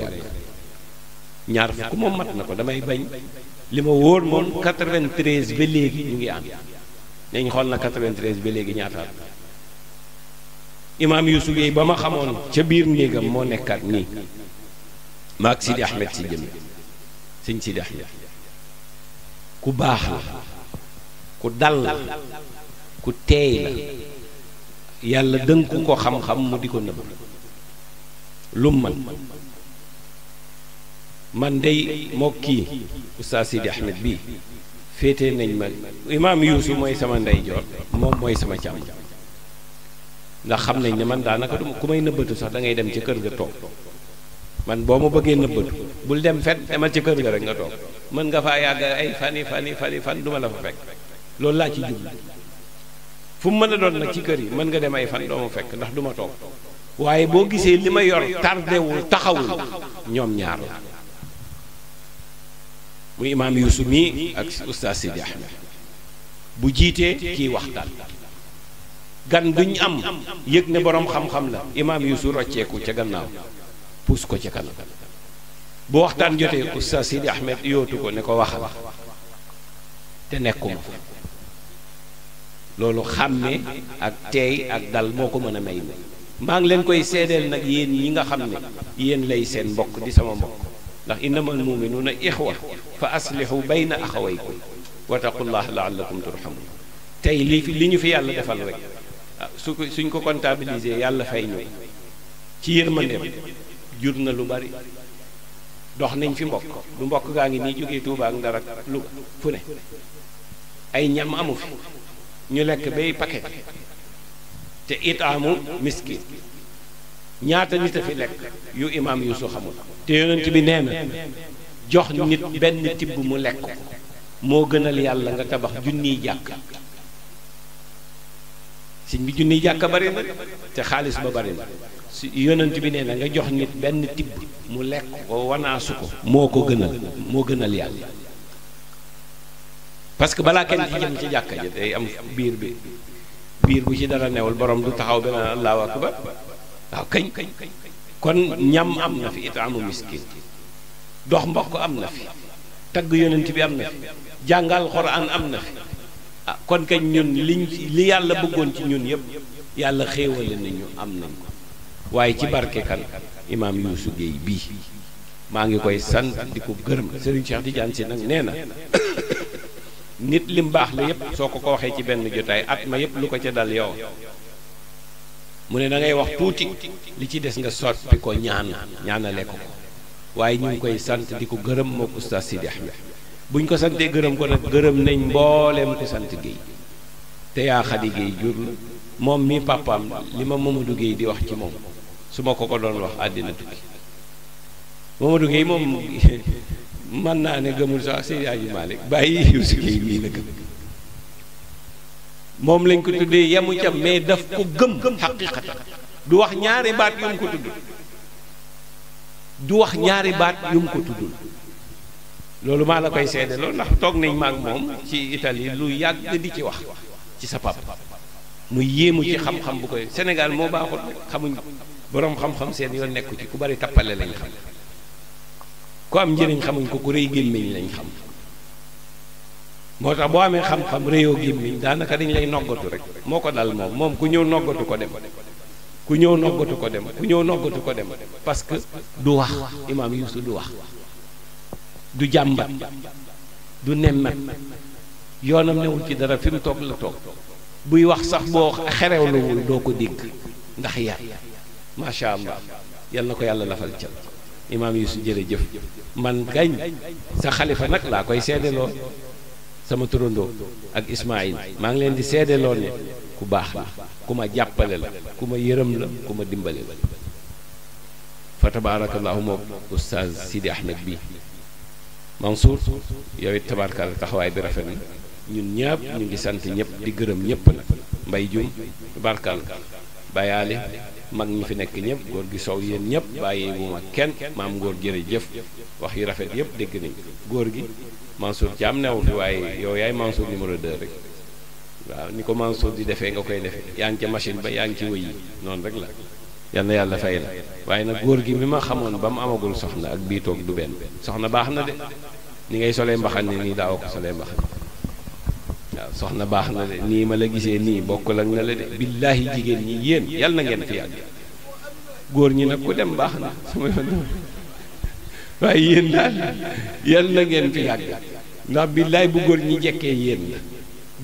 yàgg ñaar fukk moom mat na ko damay bañ li ma wóor moom 93 ba léegi ñu ngi ànd dañ xool na 93 ba léegi ñaataat imaam Youssouf yi ba ma xamoon ca biir néegam moo nekkaat nii maag Sidi Ahmed si jëm sëñ Sidi Ahmed ku baax la ku dal la ku teey la yàlla dënku ko xam-xam mu di ko nëbb lu man man day moo kii oustaz Sidi Ahmed bii féete nañ ma imaam yuusu mooy sama ndeyjoor moom mooy sama càmm ndax xam nañ ne man daanaka du ku may nëbbatu sax da ngay dem ci kër ga toog man boo ma bëggee nëbbatu bul dem fet demal ci kër ga rek nga toog mën nga fa yàgg ay fani fani fani fan du ma la fa fekk loolu laa ci jublu fu mu mën a doon nag ci kër yi mën nga dem ay fan doo ma fekk ndax duma ma toog waaye boo gisee li ma yor tardewul taxawul ñoom ñaar la muy imaam Yuusuf mii ak ustaas Sidi bu jiitee kii waxtaan gan duñ am yëg ne boroom xam-xam la imaam Yuusuf rocceeku ca gannaaw puus ko ca kanam bu waxtaan jotee ustaas Sidi Ahmed yootu ko ne ko waxal te nekkuma fa loolu xàmme ak teey ak dal moo ko mën a may maa ngi leen koy seedeel nag yéen ñi nga xam ne yéen lay seen mbokk di sama mbokk ndax innamal muminuuna ixwa fa aslihu bayna axawaykum wattaqullaha laallakum turhamun tey lii fi li ñu fi yàlla defal rek ah, su ko suñ ko comptabiliser yàlla fay ñu ci yërmandeem jur na lu bari dox nañ fi mbokk du mbokk gaa ngi nii jóge tuubaak ak Ndar ak Louga fu ne ay ñam amu fi ñu lekk bay paquet te itaamu miskin ñaata nit a fi lekk yu imaam yuusu xamul te yonent bi nee na jox nit benn tibb mu lekk ko moo gënal yàlla nga tabax junniy jàkk sëñ bi junniy jàkk bari na te xaalis ba bari na si yonent bi nee na nga jox nit benn tibb mu lekk ko wanaasu ko moo ko gënal moo gënal yàlla parce que balaa kenn ci jëm ci jàkka ja day am biir bi biir bu ci dara newul borom du taxaw beneen allahu ba waaw kañ kon ñam am na fi itaamu miskin dox mbokk am na fi tagg yonent bi am na fi jàngal xoraan am na fi ah kon kañ ñun liñ li yàlla bëggoon ci ñun yëpp yàlla xéewale nañu am nañ ko waaye ci barke kan imaam Youssou Guèye bii maa ngi koy sant di ko gërëm Serigne Cheikh Tidiane Sy nag nee na nit lim baax la yëpp soo ko ko waxee ci benn jotaay at ma yëpp lu ko ca dal yow mu ne da ngay wax tuuti li ci des nga soppi ko ñaan ñaanale ko waaye ñu ngi koy sant di ko gërëm mook oustaz Sidi Ahmed bu ñu ko santee gërëm ko nag gërëm nañ mbooleem ko sant Guèye te yaa Xadi Guèye jur moom mii papaam li ma Mamadou Guèye di wax ci moom su ma ko ko doon wax àddina tukki Mamadou Guèye moom mën naa ne gëmul sax Seydi Hadji Malick bàyyi Youssou Guèye mii la gëm moom lañ ko tuddee yemu ca mais daf ko gëm xaqiqata du wax ñaari baat yu ko tudd du wax ñaari baat yu mu ko tuddul loolu maa la koy seede ndax toog nañ maak moom ci Italie lu yàgg di ci wax ci sa papa mu yéemu ci xam-xam bu koy Sénégal moo baaxul xamuñ boroom xam-xam seen yoon nekku ci ku bari tappale lañ xam ku am njëriñ xamuñ ko ku rëy gémmiñ lañ xam moo tax boo amee xam-xam réyoo gémmiñ daanaka dañ lay noggatu rek moo ko dal moom moom ku ñëw noggatu ko dem ku ñëw noggatu ko dem ku ñëw noggatu ko dem parce que du wax imaam Yuusu du wax du jàmbat du nemmat yoonam newul ci dara fi mu toog la toog buy wax sax boo xerewluwul doo ko dégg ndax yar macha allah yal na ko yàlla lafal cal imaam Yuusu jërëjëf man gañ sa xalifa nag laa koy seddaloo sama turandoo ak Ismaïl maa ngi leen di seedeloo ne ku baax la ku ma jàppale la ku ma yërëm la ku ma dimbali la fa tabaarakallaahu moom oustaz Sidi Ahmed bi Mansour yow it tabaarakalla taxawaay bi rafet na ñun ñëpp ñu ngi sant ñëpp di gërëm ñëpp na mbay jum tabaarakalla bayaale mag ñi fi nekk ñëpp góor gi sow yéen ñëpp bàyyi bu ma kenn maam góor jërëjëf wax yu rafet yëpp dégg nañ góor gi Mansour Thiam newu fi waaye yow yaay Mansour numéro 2 rek waaw ni ko Mansour di defee nga koy defee yaa ngi ca machine ba yaa ngi ci wëy noonu rek la yal yàlla fay la waaye na góor gi mi ma xamoon ba mu amagul soxna ak biitoog toog du benn soxna baax na de ni ngay solee mbaxane nii daaw ko solee mbaxane waaw soxna baax na de nii ma la gisee nii bokk ak na la de billaahi jigéen ñi yéen yal na ngeen fi yàgg góor ñi nag ku dem baax na sama yoon waaye yéen daal yan na ngeen fi yàgg ndax billaay bu góor ñi jekkee yéen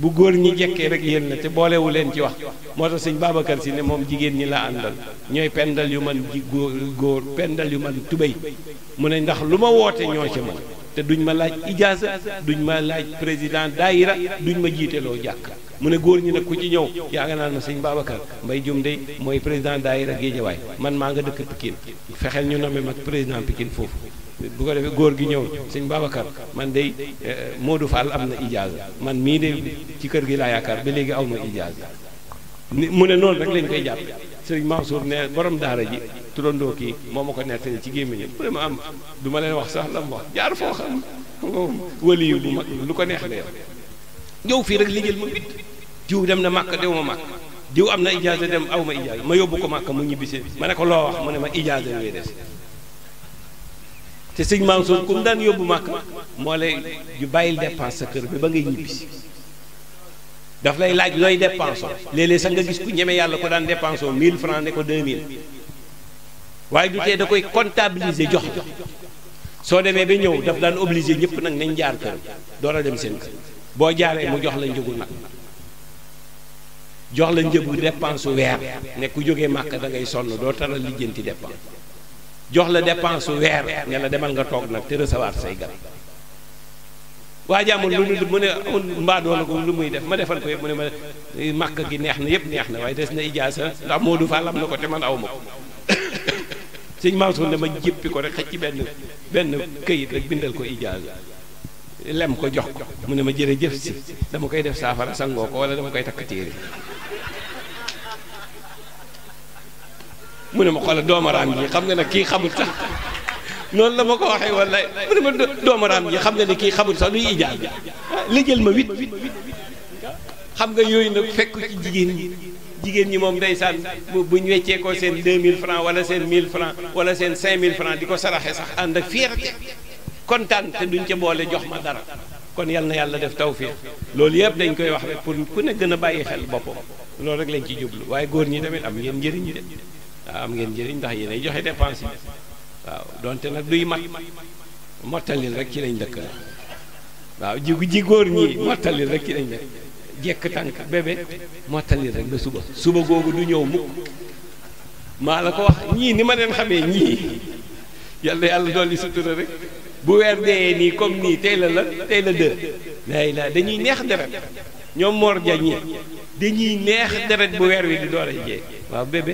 bu góor ñi jekkee rek yéen la te boolewu leen ci wax moo tax sëñ Babacar si ne moom jigéen ñi la àndal ñooy pendal yu man ji góor góor pendal yu man tubéy mu ne ndax lu ma woote ñoo ci man te duñ ma laaj ijaasa duñ ma laaj président daayira duñ ma jiiteloo jàkk mu ne góor ñi nag ku ci ñëw yaa nga naan ma sëñ Babacar Mbay Jum de mooy président daayira Géejawaay man maa nga dëkk Pikine fexeel ñu nommé mag président Pikine foofu bu ko defee góor gi ñëw sëñ Babacar man dey day eh, Modou Fall am na ijaaza man mii de ci kër gi laa yaakaar ba léegi aw ma ijaaza mu ne noonu rek lañ koy jàppe sëriñ Mansour ne borom daara ji turandoo kii moo ma ko nettali ci gémmiñam vraiment am du ma leen wax sax la mu wax jaar foo xam wali yu mag lu ko neex la yow ñëw fii rek liggéeyal ma bit jiw dem na màkk dew ma màkk jiw am na ijaaza dem aw ma ijaaza ma yóbbu ko màkk mu ñibbisee ma ne ko loo wax mu ne ma ijaaza te sëñ Mansour ku mu daan yóbbu màkk moo lay ju bàyyil dépense sa kër bi ba ngay ñibbisi daf lay laaj looy dépense léeg-léeg sax nga gis ku ñeme yàlla ko daan dépense oo 1000 francs ne ko 2000 waaye du tee da koy comptabiliser jox jox soo demee ba ñëw daf daan obliger ñëpp nag nañ jaar kër door a dem seen kër boo jaaree mu jox la njëgu nag jox la njëgu dépense weer ne ku jógee màkk da ngay sonn doo taral lijjanti dépense jox la dépense weer ne la demal nga toog nag te recevoir say gan waa jàmbur lu mu mu ne amul mbaadoo la ko lu muy def ma defal ko yëpp mu ne ma eh, màkk gi neex na yëpp neex na waaye des na ijaasa ndax Modou na ko te aw ma ko sëñ Mansour ne ma jéppi ko rek xëcc ci benn benn këyit rek bindal ko ijaasa lem ko jox ko mu ne ma jërëjëf si dama koy def saafara sangoo ko wala dama koy takk téere mu ne ma xoolal doomaraam ji xam nga ne kii xamul sax noonu la ma ko waxee wala mu ne ma doomaraam ji xam nga ne kii xamul sax luy ijaab la jël ma wit xam nga yooyu nag fekk ci jigéen ñi jigéen ñi moom ndeysaan bu ñu weccee ko seen 2000 francs wala seen 1000 francs wala seen 5000 francs di ko saraxe sax ànd ak fierté kontaan te duñ ca boole jox ma dara kon yal na yàlla def tawfiq loolu yëpp dañ koy wax rek pour ku ne gën a bàyyi xel boppam loolu rek lañ ci jublu waaye góor ñi tamit am ngeen waaw am ngeen njëriñ ndax yéenay joxe dépense yi waaw donte nag duy mat mottalil rek ci lañ dëkk la waaw jigu ji góor ñi mottalil rek ci lañ dëkk jekk tànk bébé mottalil rek ba suba suba googu du ñëw mukk maa la ko wax ñii ni ma leen xamee ñii yàlla yàlla dolli sutura rek bu weer dee nii comme nii tey la la tey la dër laay laa dañuy neex deret ñoom Mor Jañ ñi dañuy neex deret bu weer wi di doole jee waaw bébé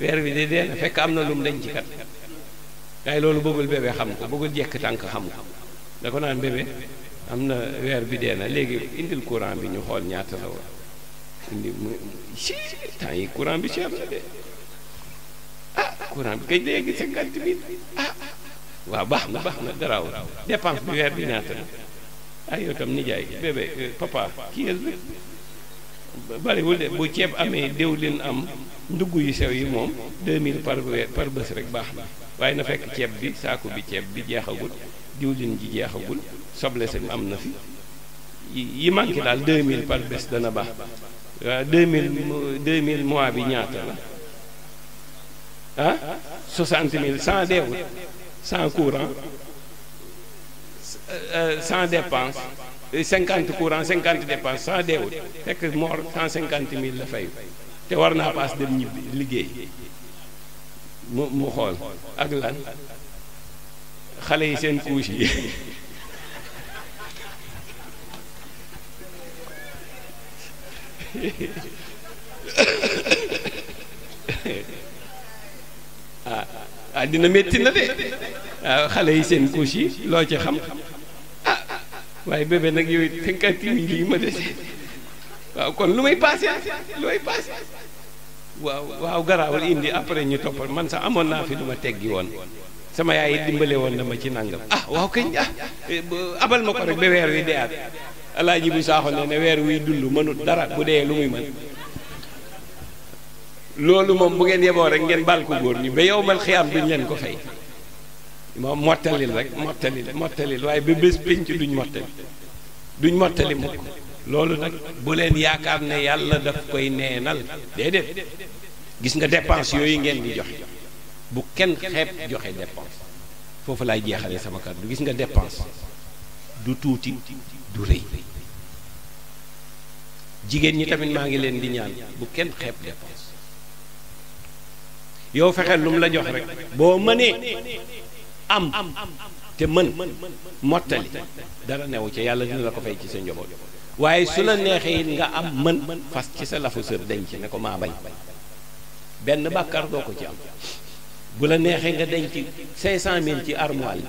weer wi de dee na fekk am na lum dañ ci kat waaye loolu bëggul bébé xam ko bëggul jekk tànk xam ko da ko naan bébé am na weer bi dee na léegi indil courant bi ñu xool ñaata la courant bi cher na ah, ah, waaw baax na baax na garaaw dépense bi weer bi ñaata la ah yow tam nijaay bébé papa kii bariwul de bu ceeb amee diwlin am ndugg yu sew yi moom mille par weer par bés rek baax na waaye na fekk ceeb bi saako bi ceeb bi jeexagul diwlin ji jeexagul soble sam am na fi yi manqué daal mille par bés dana baax waaw 2000 2000 mois bi ñaata la ah 60 000 sans deewut sans courant sans euh, euh, dépense cinquante courant cinquante dépense cent deewut fekk moor cent cinquante mil la fay te war naa paas dem ñibbi liggéey mu mu xool ak lan xale yi seen couche yi ah dina métti na de waaw ah, xale yi seen couche yi loo ci xam waaye bébé nag yooyu cinquante mille yi ma dese waaw kon lu may passé lu may passé waaw waaw garaawal indi après ñu toppal man sax amoon naa fi lu ma teggi woon sama yaay yi dimbale woon na ma ci nangam ah waaw kañ ah eh, abal ma ko rek ba weer wi deyaat alaaji bu saaxo ne ne weer wuy dund mënut dara bu dee lu muy mën loolu moom bu ngeen yeboo rek ngeen baal ko góor ñi ba yow mal xiyaam duñ leen ko fay mottalil rek mottalil mottalil waaye ba bés pénc duñ mottali duñ mottali mukk loolu nag bu leen yaakaar ne yàlla daf koy neenal déedéet gis nga dépense yooyu ngeen di joxe bu kenn xeeb joxe dépense foofu laay jeexale sama kàddu gis nga dépense du tuuti du rëy jigéen ñi tamit maa ngi leen di ñaan bu kenn xeeb dépense yow fexeel lu mu la jox rek boo mënee am te mën mottali dara newu ci yàlla dina la ko fay ci sa njaboot waaye su la neexee it nga am mën fas ci sa lafu sër denc ne ko maa bañ benn bàkkaar doo ko ci am bu la neexee nga denc 500000 ci armoire yi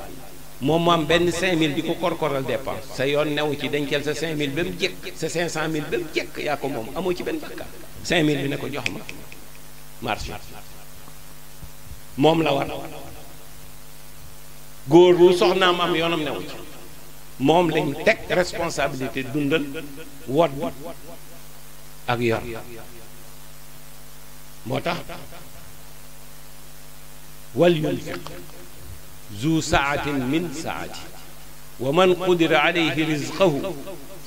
moom maam benn benn 5000 bi ko korkoral dépense sa yoon new ci dencal sa 5000 ba mu jekk sa 500000 ba mu jekk yaa ko moom amoo ci benn bàkkaar 5000 bi ne ko jox ma marché moom la war. góor lu soxnaam am yoonam newu ci moom lañ teg responsabilité dundal wot ak yor moo tax wal yunfiq zu saatin min saati wa man qudira alayhi rizqahu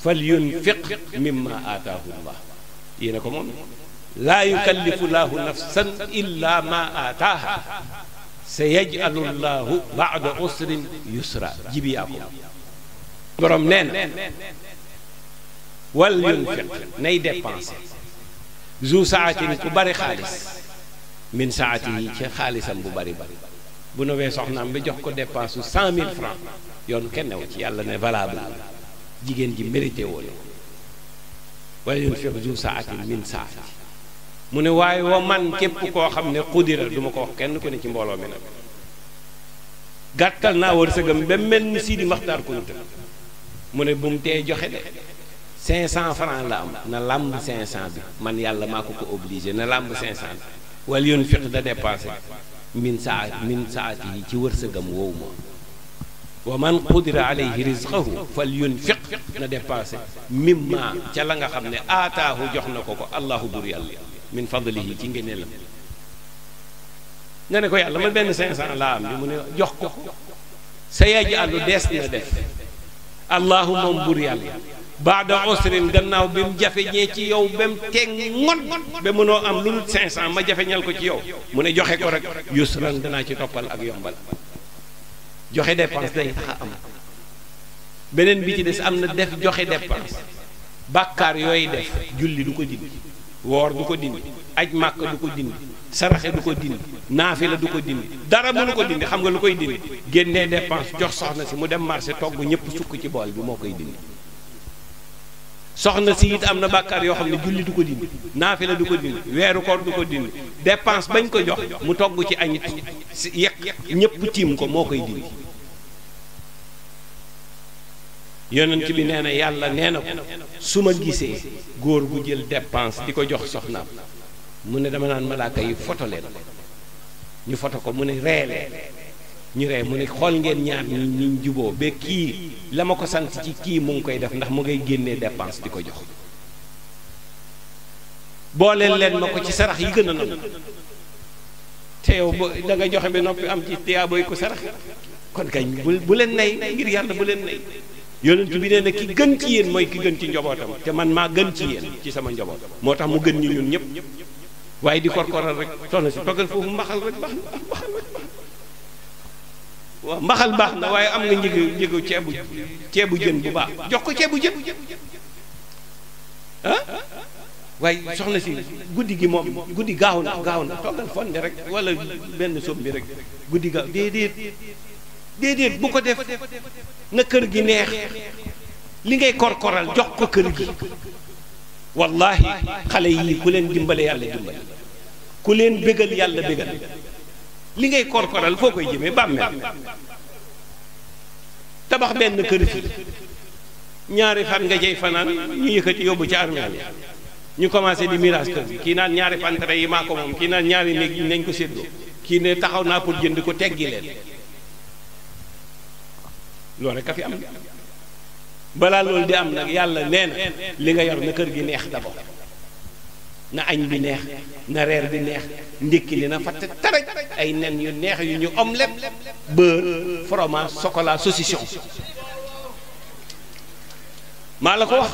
fal yunfiq mimma aataahu llah yéena ko moom laa yukallifu llahu nafsan illa ma aataaha sa yajalullahu baada usrin yusra jibiyaa ko borom nee na wal yunfiq nay dépensé zu saatin ku bari xaalis min saati yi ci xaalisam bu bari bari bu nowee soxnaam bi jox ko dépense su cent mille francs yoon kenn ci yàlla ne valable jigéen ji mérité woon wala yunfiq zu saatin min saati mu ne waaye wa man képp koo xam ne xudira du ma ko wax kenn ko ne ci mbooloo mi nag gàttal naa wërsëgam ba mel ni Sidi Maxtaar Kunta mu ne bu mu joxe de 500 francs la am na làmb 500 bi man yàlla maa ko ko obligé na làmb 500 bi wal yoon fiq da dépensé min saa min saati yi ci wërsëgam woowu moom man qudira alayhi rizqahu fal yunfiq na dépensé mimma ca la nga xam ne aataahu jox na ko ko allahu bur yàlla min fadlihi ci ngëneelam nga ne ko yàlla man benn 500 laa am bi mu ne jox ko sa yaj àllu dees na def allahu moom bur yàlla baada usrin gannaaw bi mu jafeñee ci yow ba mu teg ngon ba mënoo am lu dul 500 ma jafeñal ko ci yow mu ne joxe ko rek yusran danaa ci toppal ak yombal joxe dépense day tax am beneen bi ci des am na def joxe dépense bàkkaar yooyu def julli du ko dindi woor du ko dindi aj màkk du ko dindi saraxe du ko dindi naafila du ko dindi dara mënu ko dindi xam nga lu koy dindi génnee dépense jox soxna si mu dem marché togg ñëpp sukk ci bool bi moo koy dindi soxna si it am na bàkkaar yoo xam ne julli du ko dindi naafila du ko dindi weeru koor du ko dindi dépense bañ ko jox mu togg ci añit yekk ñëpp tiim ko moo koy dindi yonent bi nee na yàlla nee na ko su ma gisee góor gu jël dépense di ko jox soxnaam mu ne dama naan malaaka yi foto leen ñu foto ko mu ne ree leen ñu ree mu ne xool ngeen ñaar ñi ñu juboo ba kii la ma ko sant ci kii mu ngi koy def ndax mu ngay génnee dépense di ko jox boo leen leen ma ko ci sarax yi gën a nangu te yow ba da joxe ba noppi am ci tiyaaboy ko sarax kon kañ bu leen nay ngir yàlla bu leen nay yonent bi nee na ki gën ci yéen mooy ki gën ci njobootam te man maa gën ci yéen ci sama njoboot moo tax mu gën ñu ñun ñëpp waaye di korkoral rek soxna si toggal foofu mbaxal rek baax na baax na waaw mbaxal baax na waaye am nga njëgu njëgu ceebu ceebu jën bu baax jox ko ceebu jën ah waaye soxna si guddi gi moom guddi gaaw na gaaw na toggal fonde rek wala benn soom rek guddi gaaw déedéet déedéet bu ko def na kër gi neex li ngay koral jox ko kër gi wallahi xale yii ku leen dimbale yàlla dimbale ku leen bégal yàlla bégal li ngay korkoral foo koy jëmee bàmmeel tabax benn kër fi ñaari fan nga jey fanaan ñu yëkkati yóbbu ci armeel ñu commencé di miraas kër gi kii naan ñaari fantere yi maa ko moom kii naan ñaari néeg yi nañ ko séddoo kii ne taxaw naa pour jënd ko teggi leen loolu rek a fi am balaa loolu di am nag yàlla nee na li nga yor na kër gi neex d'abord na añ bi neex na reer bi neex ndékki li na fatt taraj ay nen yu neex yu ñu omelette beurre fromage chocolat saucisson maa la ko wax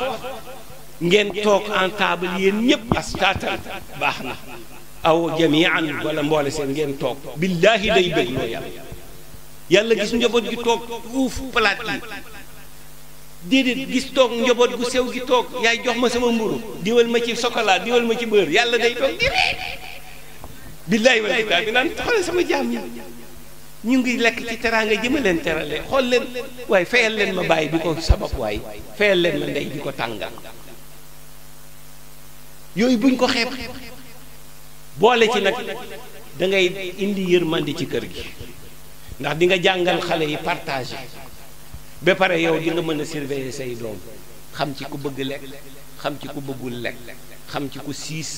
ngeen toog en table yéen ñépp as taatal baax na aw jamian wala mboole seen ngeen toog billaahi day bëgg loo yàlla yàlla gis njaboot gi toog uuf palaat yi déedéet gis toog njaboot gu sew gi toog yaay jox ma sama mburu diwal ma ci chocolat diwal ma ci beurre yàlla day toog di billaay bi naan xoolal sama jaam ngi lekk ci teraanga jëma leen terale xool fayal leen ma bàyyi bi ko sabab waaye fayal leen ma ndey bi ko tàngal yooyu buñ ko xeeb boole ci nag da indi indi yërmande ci kër gi ndax di nga jàngal xale yi partagé ba pare yow di nga mën a surveiller say doom xam ci ku bëgg lekk xam ci ku bëggul lekk xam ci ku siis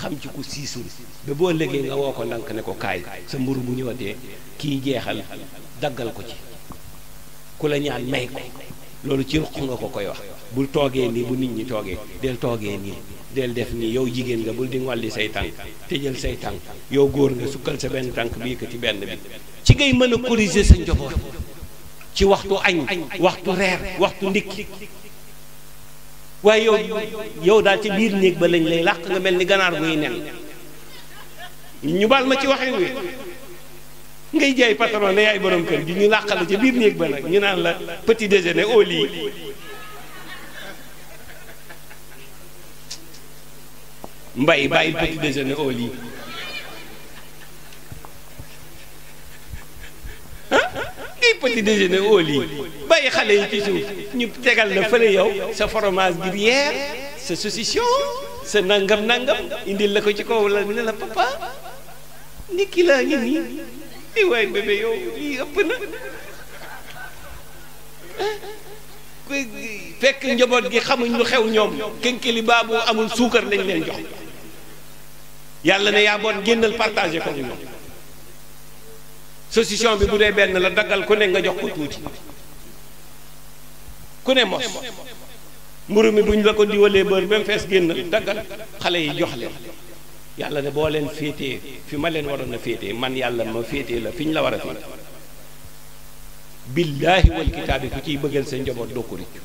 xam ci ku siisul ba boo léegi nga woo ko ndànk ne ko kaay sa mburu bu ñëwatee kii jeexal daggal ko ci ku la ñaan may ko loolu ci ruq nga ko koy wax bul toogee nii bu nit ñi toogee del toogee nii del def nii yow jigéen nga bul di ngolli say tànk tëjal say tànk yow góor nga sukkal sa benn tànk bi yëkkati benn bi ci ngay mën a corriger sa njaboot ci waxtu añ waxtu reer waxtu ndikki waaye yow yow daal ci biir néeg ba lañ lay làq nga mel ni ganaar guy nen ñu baal ma ci waxee wi ngay jaay patron ne yaay borom kër gi ñu làq la ci biir néeg ba nag ñu naan la petit déjeuner au lit mbay bàyyil petit déjeuner au lit kii petit déjeuner au lit bàyyi xale yi ci suuf ñu tegal na fële yow sa foromage gruyère sa saucisson sa nangam nangam indil la ko ci kaw la mu ne la papa ndekki laa ngi nii lii waaye bébé yow lii ëpp na fekk njaboot gi xamuñ lu xew ñoom kénkeli baabu amul suukar lañ leen jox yàlla ne yaa boon génnal partagé ko ñoom saucisson bi bu dee benn la daggal ku ne nga jox ko tuuti ku ne mos mburu mi bu ñu la ko diwalee bër ba mu fees génn daggal xale yi jox leen yàlla ne boo leen féetee fi ma leen waroon a féetee man yàlla ma féetee la fi ñu la war a féete billaahi wal kitaabi ku ciy bëggal sa njaboot doo ko rëccu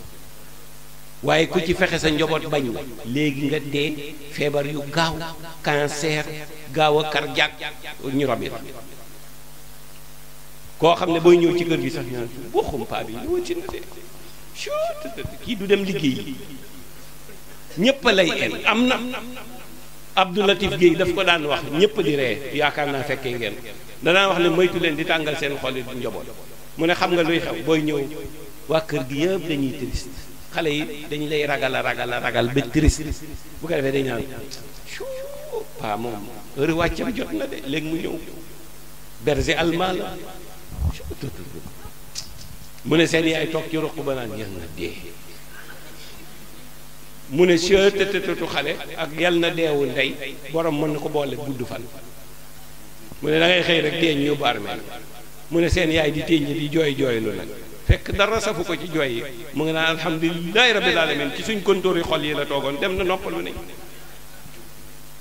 waaye ku ci fexe sa njaboot bañ la léegi nga dee feebar yu gaaw cancer gaaw a cardiaque ñu robi koo xam ne booy ñëw ci kër gi sax ñu naan boo xumpaa bi ñëwati na de kii du dem liggéey ñëpp lay en am na Abdoulatif Guèye daf ko daan wax ñëpp di ree yaakaar naa fekkee ngeen danaa wax ne moytu leen di tàngal seen xol yi du njaboot mu ne xam nga luy xew booy ñëw waa kër gi yëpp dañuy triste xale yi dañu lay ragal a ragal a ragal ba triste bu ko defee dañ naan paa moom heure wàccam jot na de léegi mu ñëw berger allemand tëdd mu ne seen yaay toog ci ruq ba naan yal na dee mu ne sëë xale ak yal na deewu ndey borom mën na ko boole gudd fan mu ne da ngay xëy rek teeñ ñu barmeel mu ne seen yaay di teeñ ñi di jooy jooy lu nag fekk dara safu ko ci jooy yi mu ngi naan alhamdulilahi rabbil alamin ci suñ kontóor yi xol yi la toogoon dem na noppalu ne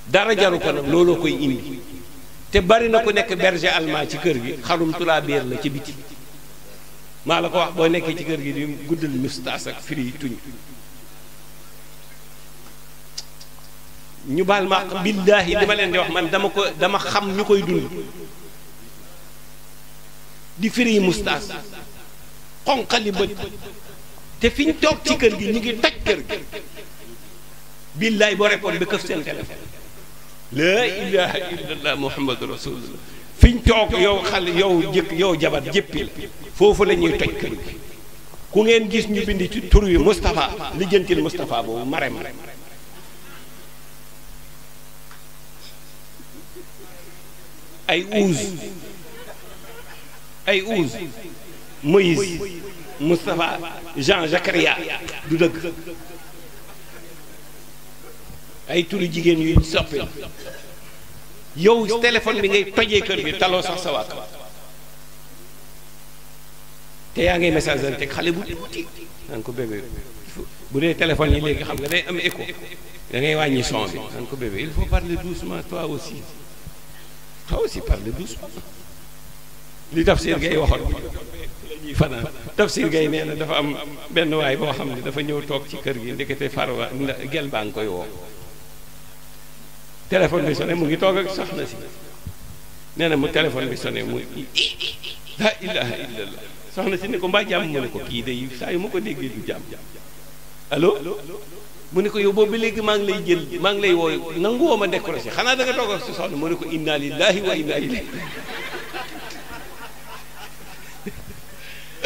dara jaru ko nag looloo koy indi te bari na ku nekk berger allemand ci kër gi xarum tulaabeer la ci biti maa la ko wax boo nekkee ci kër gi di guddal mustaas ak firi tuñ ñu baal ma billaahi li ma leen di wax man dama ko dama xam ñu koy dund di firi mustaas xonqali bët te fi ñu toog ci kër gi ñu ngi toj kër gi billaay boo récolte ba këf seen téléphone. laa ilaha illallah muhammadu rasulullah fi ñu toog yow xale yow jëkk yow jabar jëppi la foofu lañuy ñuy toj kër gi ku ngeen gis ñu bind ci tur wi Moustapha lijjantil Moustapha boobu mare mare ay uus ay uus Moïse Moustapha Jean Zakaria du dëgg ay turu jigéen yuy soppi yow téléphone bi ngay tojee kër bi taloo sax sa waat te yaa ngi message dante xale bu tuuti ko bébé bu dee téléphone yi léegi xam nga day am écho da ngay wàññi son bi naan ko bébé am faut parler doucement toi aussi toi aussi parle doucement li tafsir gay waxoon ñuy fanaan tafsir gay nee na dafa am benn waay boo xam ne dafa ñëw toog ci kër gi ndekete farwa gel baa ngi koy woo téléphone bi sonné mu ngi toog ak soxna si nee na mu téléphone bi sonné mu la ilaha illallah soxna si ne ko mbaa jàmm mu ne ko kii day saa yu ma ko déggee du jàmm allo mu ne ko yow boobu léegi maa ngi lay jël maa ngi lay wooyu nanguwoo ma décroché xanaa da toog ak si soxna mu ne ko inna lillahi wa inna ilayhi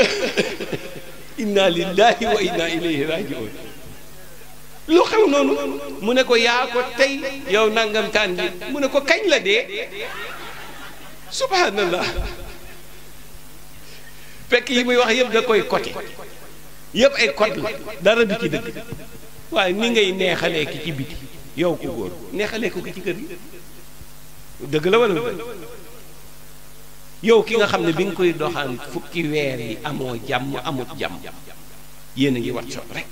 inna lillahi wa inna ilayhi rajiun lu xew noonu mu ne ko yaa ko tey yow nangam taan gi mu ne ko kañ la dee subhanallah fekk yi muy wax yëpp da koy côté yëpp ay côté la dara du ci dëgg waaye ni ngay neexalee ki ci biti yow ku góor neexalee ki ci kër gi dëgg la wala yow ki nga xam ne bi nga koy doxaan fukki weer yi amoo jàmm amut jàmm yéen a ngi wat sot rek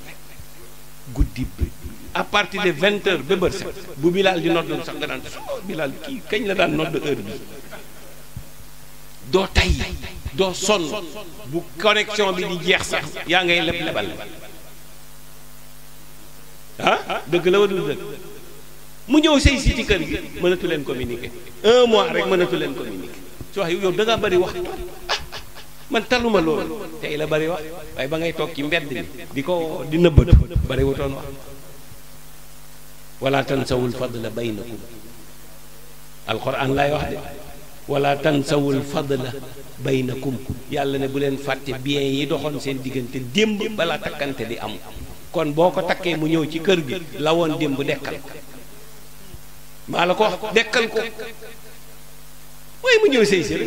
guddi bi à partir de vingt heures ba bër set bu bilaal di nodd sax nga daan so oh, bilaal kii kañ la daan nodd heure bi doo tay doo sonn bu connexion bi di jeex sax yaa ngay leb lebal ah dëgg la wadul dëgg mu ñëw sëy si ci kër gi mënatu leen communiquer un mois rek mënatu leen communiquer su wax yow da ngaa wax man taluma loolu tey la bari wax waaye ba ngay toog ci mbedd bi di ko di nëbbatu bari wutoon wax wala tansawul fadla baynakum alquran laay wax de wala tansawul fadla baynakum yàlla ne bu leen fàtte bien yi doxoon seen diggante démb balaa takkante di am kon boo ko takkee mu ñëw ci kër gi la woon démb dekkal ko maa la ko wax dekkal ko waaye mu ñëw sëy sëy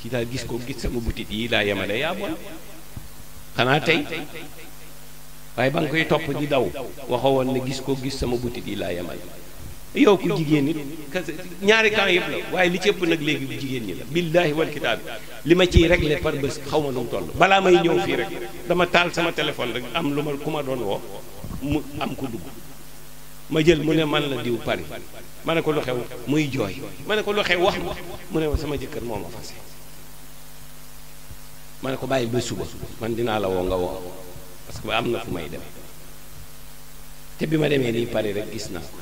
ci laa gis koo gis sama butit yi laa yemale yaa bon xanaa tey waaye ba nga koy topp di daw waxoo woon ne gis koo gis sama butit yi laa yemale yow ku jigéen nit ñaari camp yëpp la waaye li ci ëpp nag léegi jigéen ñi la billaahi wal kitaab li ma ciy réglé par bés xaw ma nu mu toll balaa may ñëw fii rek dama taal sama téléphone rek am lu ma ku ma doon woo mu am ku dugg ma jël mu ne man la diw Paris ma ne ko lu xew muy jooy ma ne ko lu xew wax mu ne sama jëkkër moo ma fase ma ne ko bàyyi ba suba man dinaa la woo nga woo parce que am na fu may dem te bi ma demee nii pare rek gis naa ko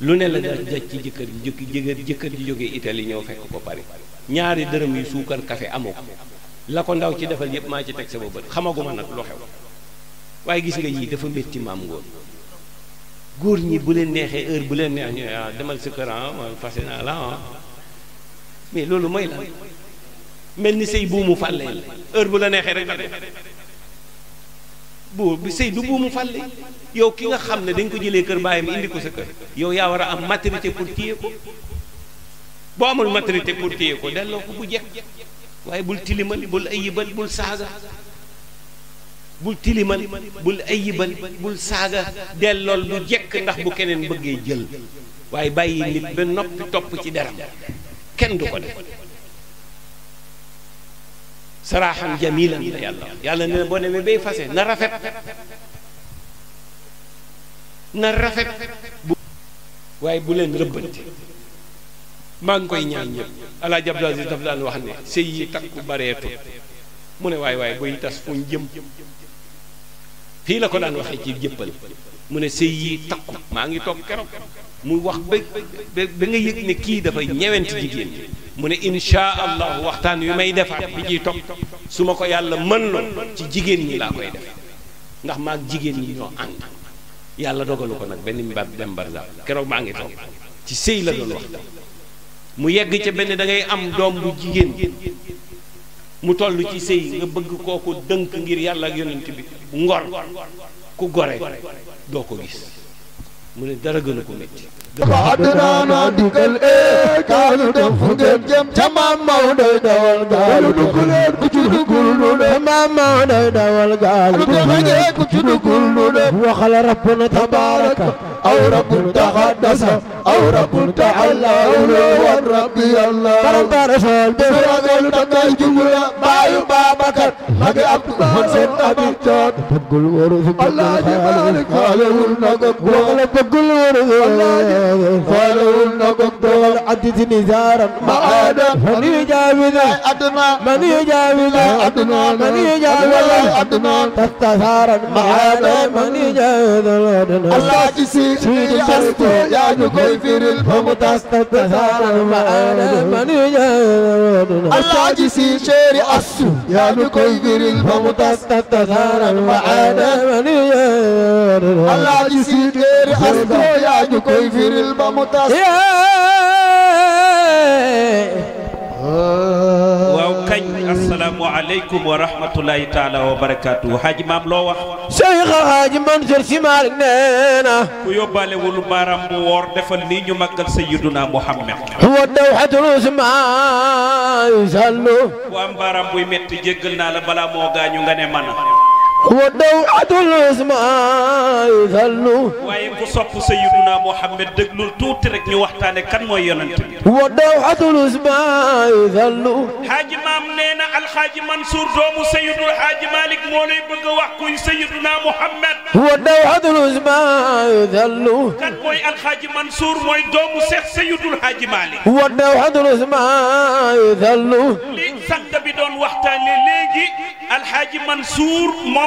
lu ne la da jaj ci jëkkër ji jóki jëkkër jëkkër ji jógee Italie ñëw fekk ko pare ñaari dërëm yu suukar kafe amoo ko la ko ndaw ci defal yépp maa ci teg sama bët xamaguma nag lu xew waaye gis nga yii dafa métti maam ngoon góor ñi bu leen neexee heure bu leen neex ñu ah, demal sa kër ah fase naa la ah. mais loolu mooy lan mel ni sëy buumu fàlle yi bu la neexee rek nga def bu bi sëy du buumu fàlle yow ki nga xam ne dañ ko jëlee kër bàyyam indi ko sa kër yow yaa war a am maturité pour téye ko boo amul maturité pour ko delloo ko bu jekk waaye bul tilimal bul ayibal bul saaga bul tilimal bul ayibal bul saaga dellool bu jekk ndax bu keneen bëggee jël waaye bàyyi nit ba noppi topp ci deram kenn du ko def saraaxan jamilan la yàlla yàlla nee na boo demee bay fase na rafet na rafet bu waaye bu leen rëbbante maa ngi koy ñaan ñëpp alaaji Abdou Aziz daf daan wax ne sëy yi takku bareetu mu ne waay waay buy tas fuñ jëm fii la ko daan waxee ci jëppal mu ne sëy yi takku maa ngi toog keroog muy wax ba ba nga yëg ne kii dafay ñewent jigéen mu ne insha allah waxtaan wi may defaat bi ciy topp su ma ko yàlla mën loo ci jigéen ñi laa koy def ndax maag jigéen ñi ñoo ànd yàlla dogalu ko nag benn mbar dem barza keroog maa ngi toog ci sëy la mu yegg ca benn da ngay am doom bu jigéen mu toll ci sëy nga bëgg ko dënk ngir yàlla ak yonent bi ngor ku gore doo ko gis mu ne dara gënu ko métti wax dinaa na digal ee kaanu dem fu ngeen jëm ca maam Maodo dawal gaal dugg leen ku ci duggul nu ne maam Maodo dawal gaal dugg leen ku ci duggul nu ne waxal rabbuna tabaraka aw rabbun taxaddasa aw rabbun taxalla wa rabbi allah barambara sol de ragal takay jumla baayu Babacar magi Abdou man seen abit jot bëggul waru fi bëggul xaali xaalewul nagak waxal bëggul waru falun طول عدتني زارا معادا من يجاوزه أدنى من يجاوزه أدنى من يجاوزه أدنى تستثارا معادا من يجاوزه أدنى الله تسير أستو يا نكوي في الفم تستثارا معادا من يجاوزه أدنى الله تسير شيري أستو يا نكوي في الفم تستثارا معادا من يجاوزه أدنى الله تسير شيري أستو يا نكوي في الفم تستثارا waaw kañ asalaamu aleykum wa rahmatullahi taala wa barakaatu xaaji maam loo wax Seyxa xaaji Mansour Sy Malick nee na wul baaram woor defal nii ñu màggal sayyiduna Muhammad wa dawxatul usmaan sallu ku am baaram buy métti jéggal la balaa moo nga ne wa dawatul ismaay xallu waaye ku sopp sayyiduna Muhammad déglul tuuti rek ñu waxtaane kan mooy yonent bi wa dawatul ismaay xallu xaaji maam nee na alxaaji Mansour doomu sayyidul xaaji Malick a wax kuy sayyiduna Muhammad wa kan mooy alxaaji Mansour mooy doomu seex sayyidul xaaji Malick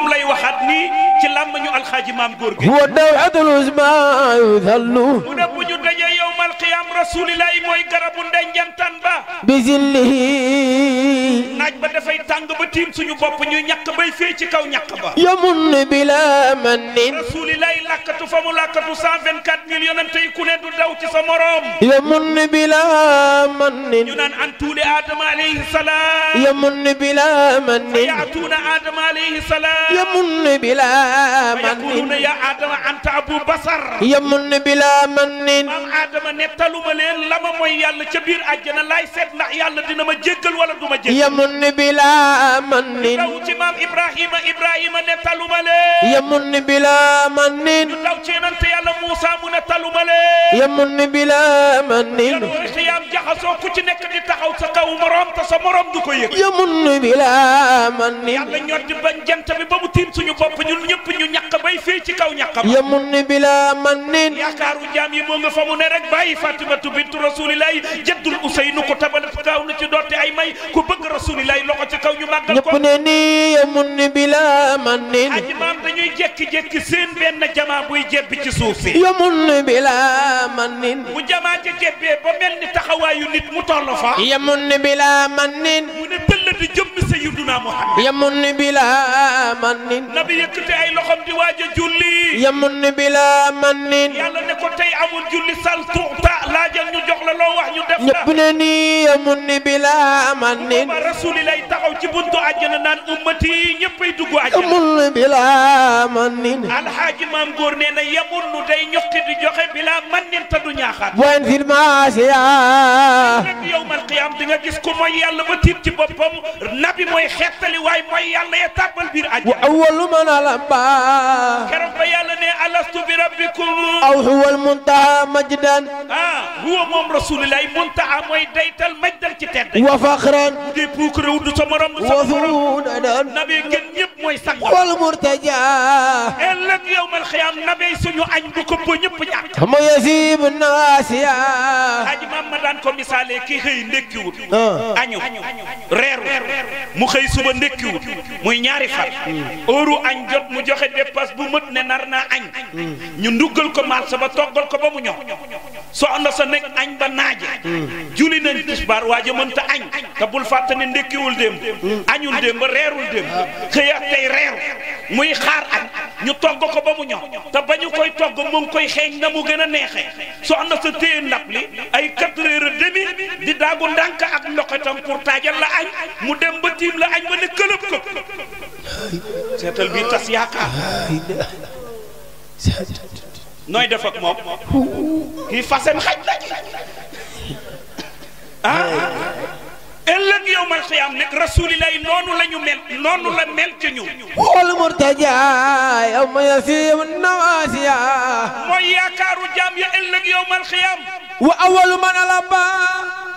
moom lay waxaat nii ci làmmiñu alxaaji maam góor gi huwa dawatul usma yudhallu mu ne bu ñu dajee yowmal qiyaam rasulillahi mooy garabu ndenjantan ba bi zillihi naaj ba dafay tàng ba tiim suñu bopp ñu ñàkk bay fee ci kaw ñàkk ba yamun bila mannin rasulillahi làkkatu fa mu làkkatu cent vingt quatre mille yonente yi ku ne du daw ci sa moroom yamun bila mannin ñu nan an tuuli aadama alayhi salaam yamun bila mannin yaatuuna salaam يمن بلا من يقولون يا آدم أنت أبو بصر يمن بلا من maam Adama nettaluma leen la ma mooy yàlla ca biir àjjana laay seet ndax yàlla dina ma jéggal wala du ma jéggal. yamun bila mannin. daw ci maam Ibrahima Ibrahima nettaluma leen. yamun bila mannin. daw ci yonent yàlla Moussa mu nettaluma leen. yamun bila mannin. yàlla xiyaam jaxasoo ku ci nekk di taxaw sa kaw morom te sa morom du ko yëg. yamun bila mannin. yàlla ñor di bañ jant bi ba mu mu tiim suñu bopp ñun ñëpp ñu ñàkk bay fii ci kaw ñàkkam yamun ni bila man nin yaakaaru jaam yi moo nga fa mu ne rek bàyyi fatimatu bintu rasulillahi jëddul useynu ko tabalat kaw na ci doote ay may ku bëgg rasulillahi loxo ci kaw ñu màggal ko ñëpp ne ni yamun ni bila man nin aji maam dañuy jekki-jekki seen benn jamaa buy jebbi ci suuf si yamun ni mu jamaa ca jebbee ba mel ni taxawaayu nit mu toll fa yamun ni bila alladi jëmmi sayyiduna Muhammad yamun bila mannin nabi yëkkati ay loxom di waaj a julli yamun bila mannin yàlla ne ko tey amul julli sal tuuta laajal ñu jox la loo wax ñu def la ñëpp ne ni yamun bila mannin rasulillahi taxaw ci buntu àjjana naan ummati ñëppay dugg àjjana yamun bila mannin alxaaji maam góor nee na yamun nu day ñoxti di joxe bila mannin te du ñaaxaat wayn filmaasiya yow mal qiyaam di nga gis ku mooy yàlla nabi mooy xettali waaye mooy yàlla ya tàbbal biir àjjana wa awwalu man alamba keroog ba yàlla ne alastu bi rabbikum aw huwa al muntaha majdan ah huwa moom rasulillahi muntaha mooy daytal majdal ci tedd wa faxran di puukare wut sa morom sa morom mooy sax wal murtaja ëllëg yowmal xiyaam nabi suñu añ bu ko ba ñëpp ñàkk ma yasib naasiya haji maam ma daan ko misaale mu xëy suba ndékkiwut muy ñaari far óoru añ jot mu joxe dépasse bu mët ne nar naa añ ñu nduggal ko marché ba toggal ko ba mu ñor soxna sa nekk añ ba naaje juli nañ tisbaar waaje mënta añ te bul fàtte ne ndékkiwul démb añul démb ba reerul démb xëyaat tey reeru muy xaar añ ñu togg ko ba mu ñor te ba ñu koy togg mu koy xeeñ na mu gën a neexee soxna sa téye ndab li ay 4 heures et demi di daagu ndànk ak ndoxatam pour taajal la añ mu dem ba tiim la añ ba ne këlëb këp seetal bi tas yaakaar nooy def ak moom kii fasem xaj la ah, ah, ah. ëllëg yow mal xiyaam nag rasulillah noonu la ñu mel noonu la mel ci wal murtaja yow ma yasim nawasiya. mooy yaakaaru jaam ya ëllëg yow wa awwalu man alaba.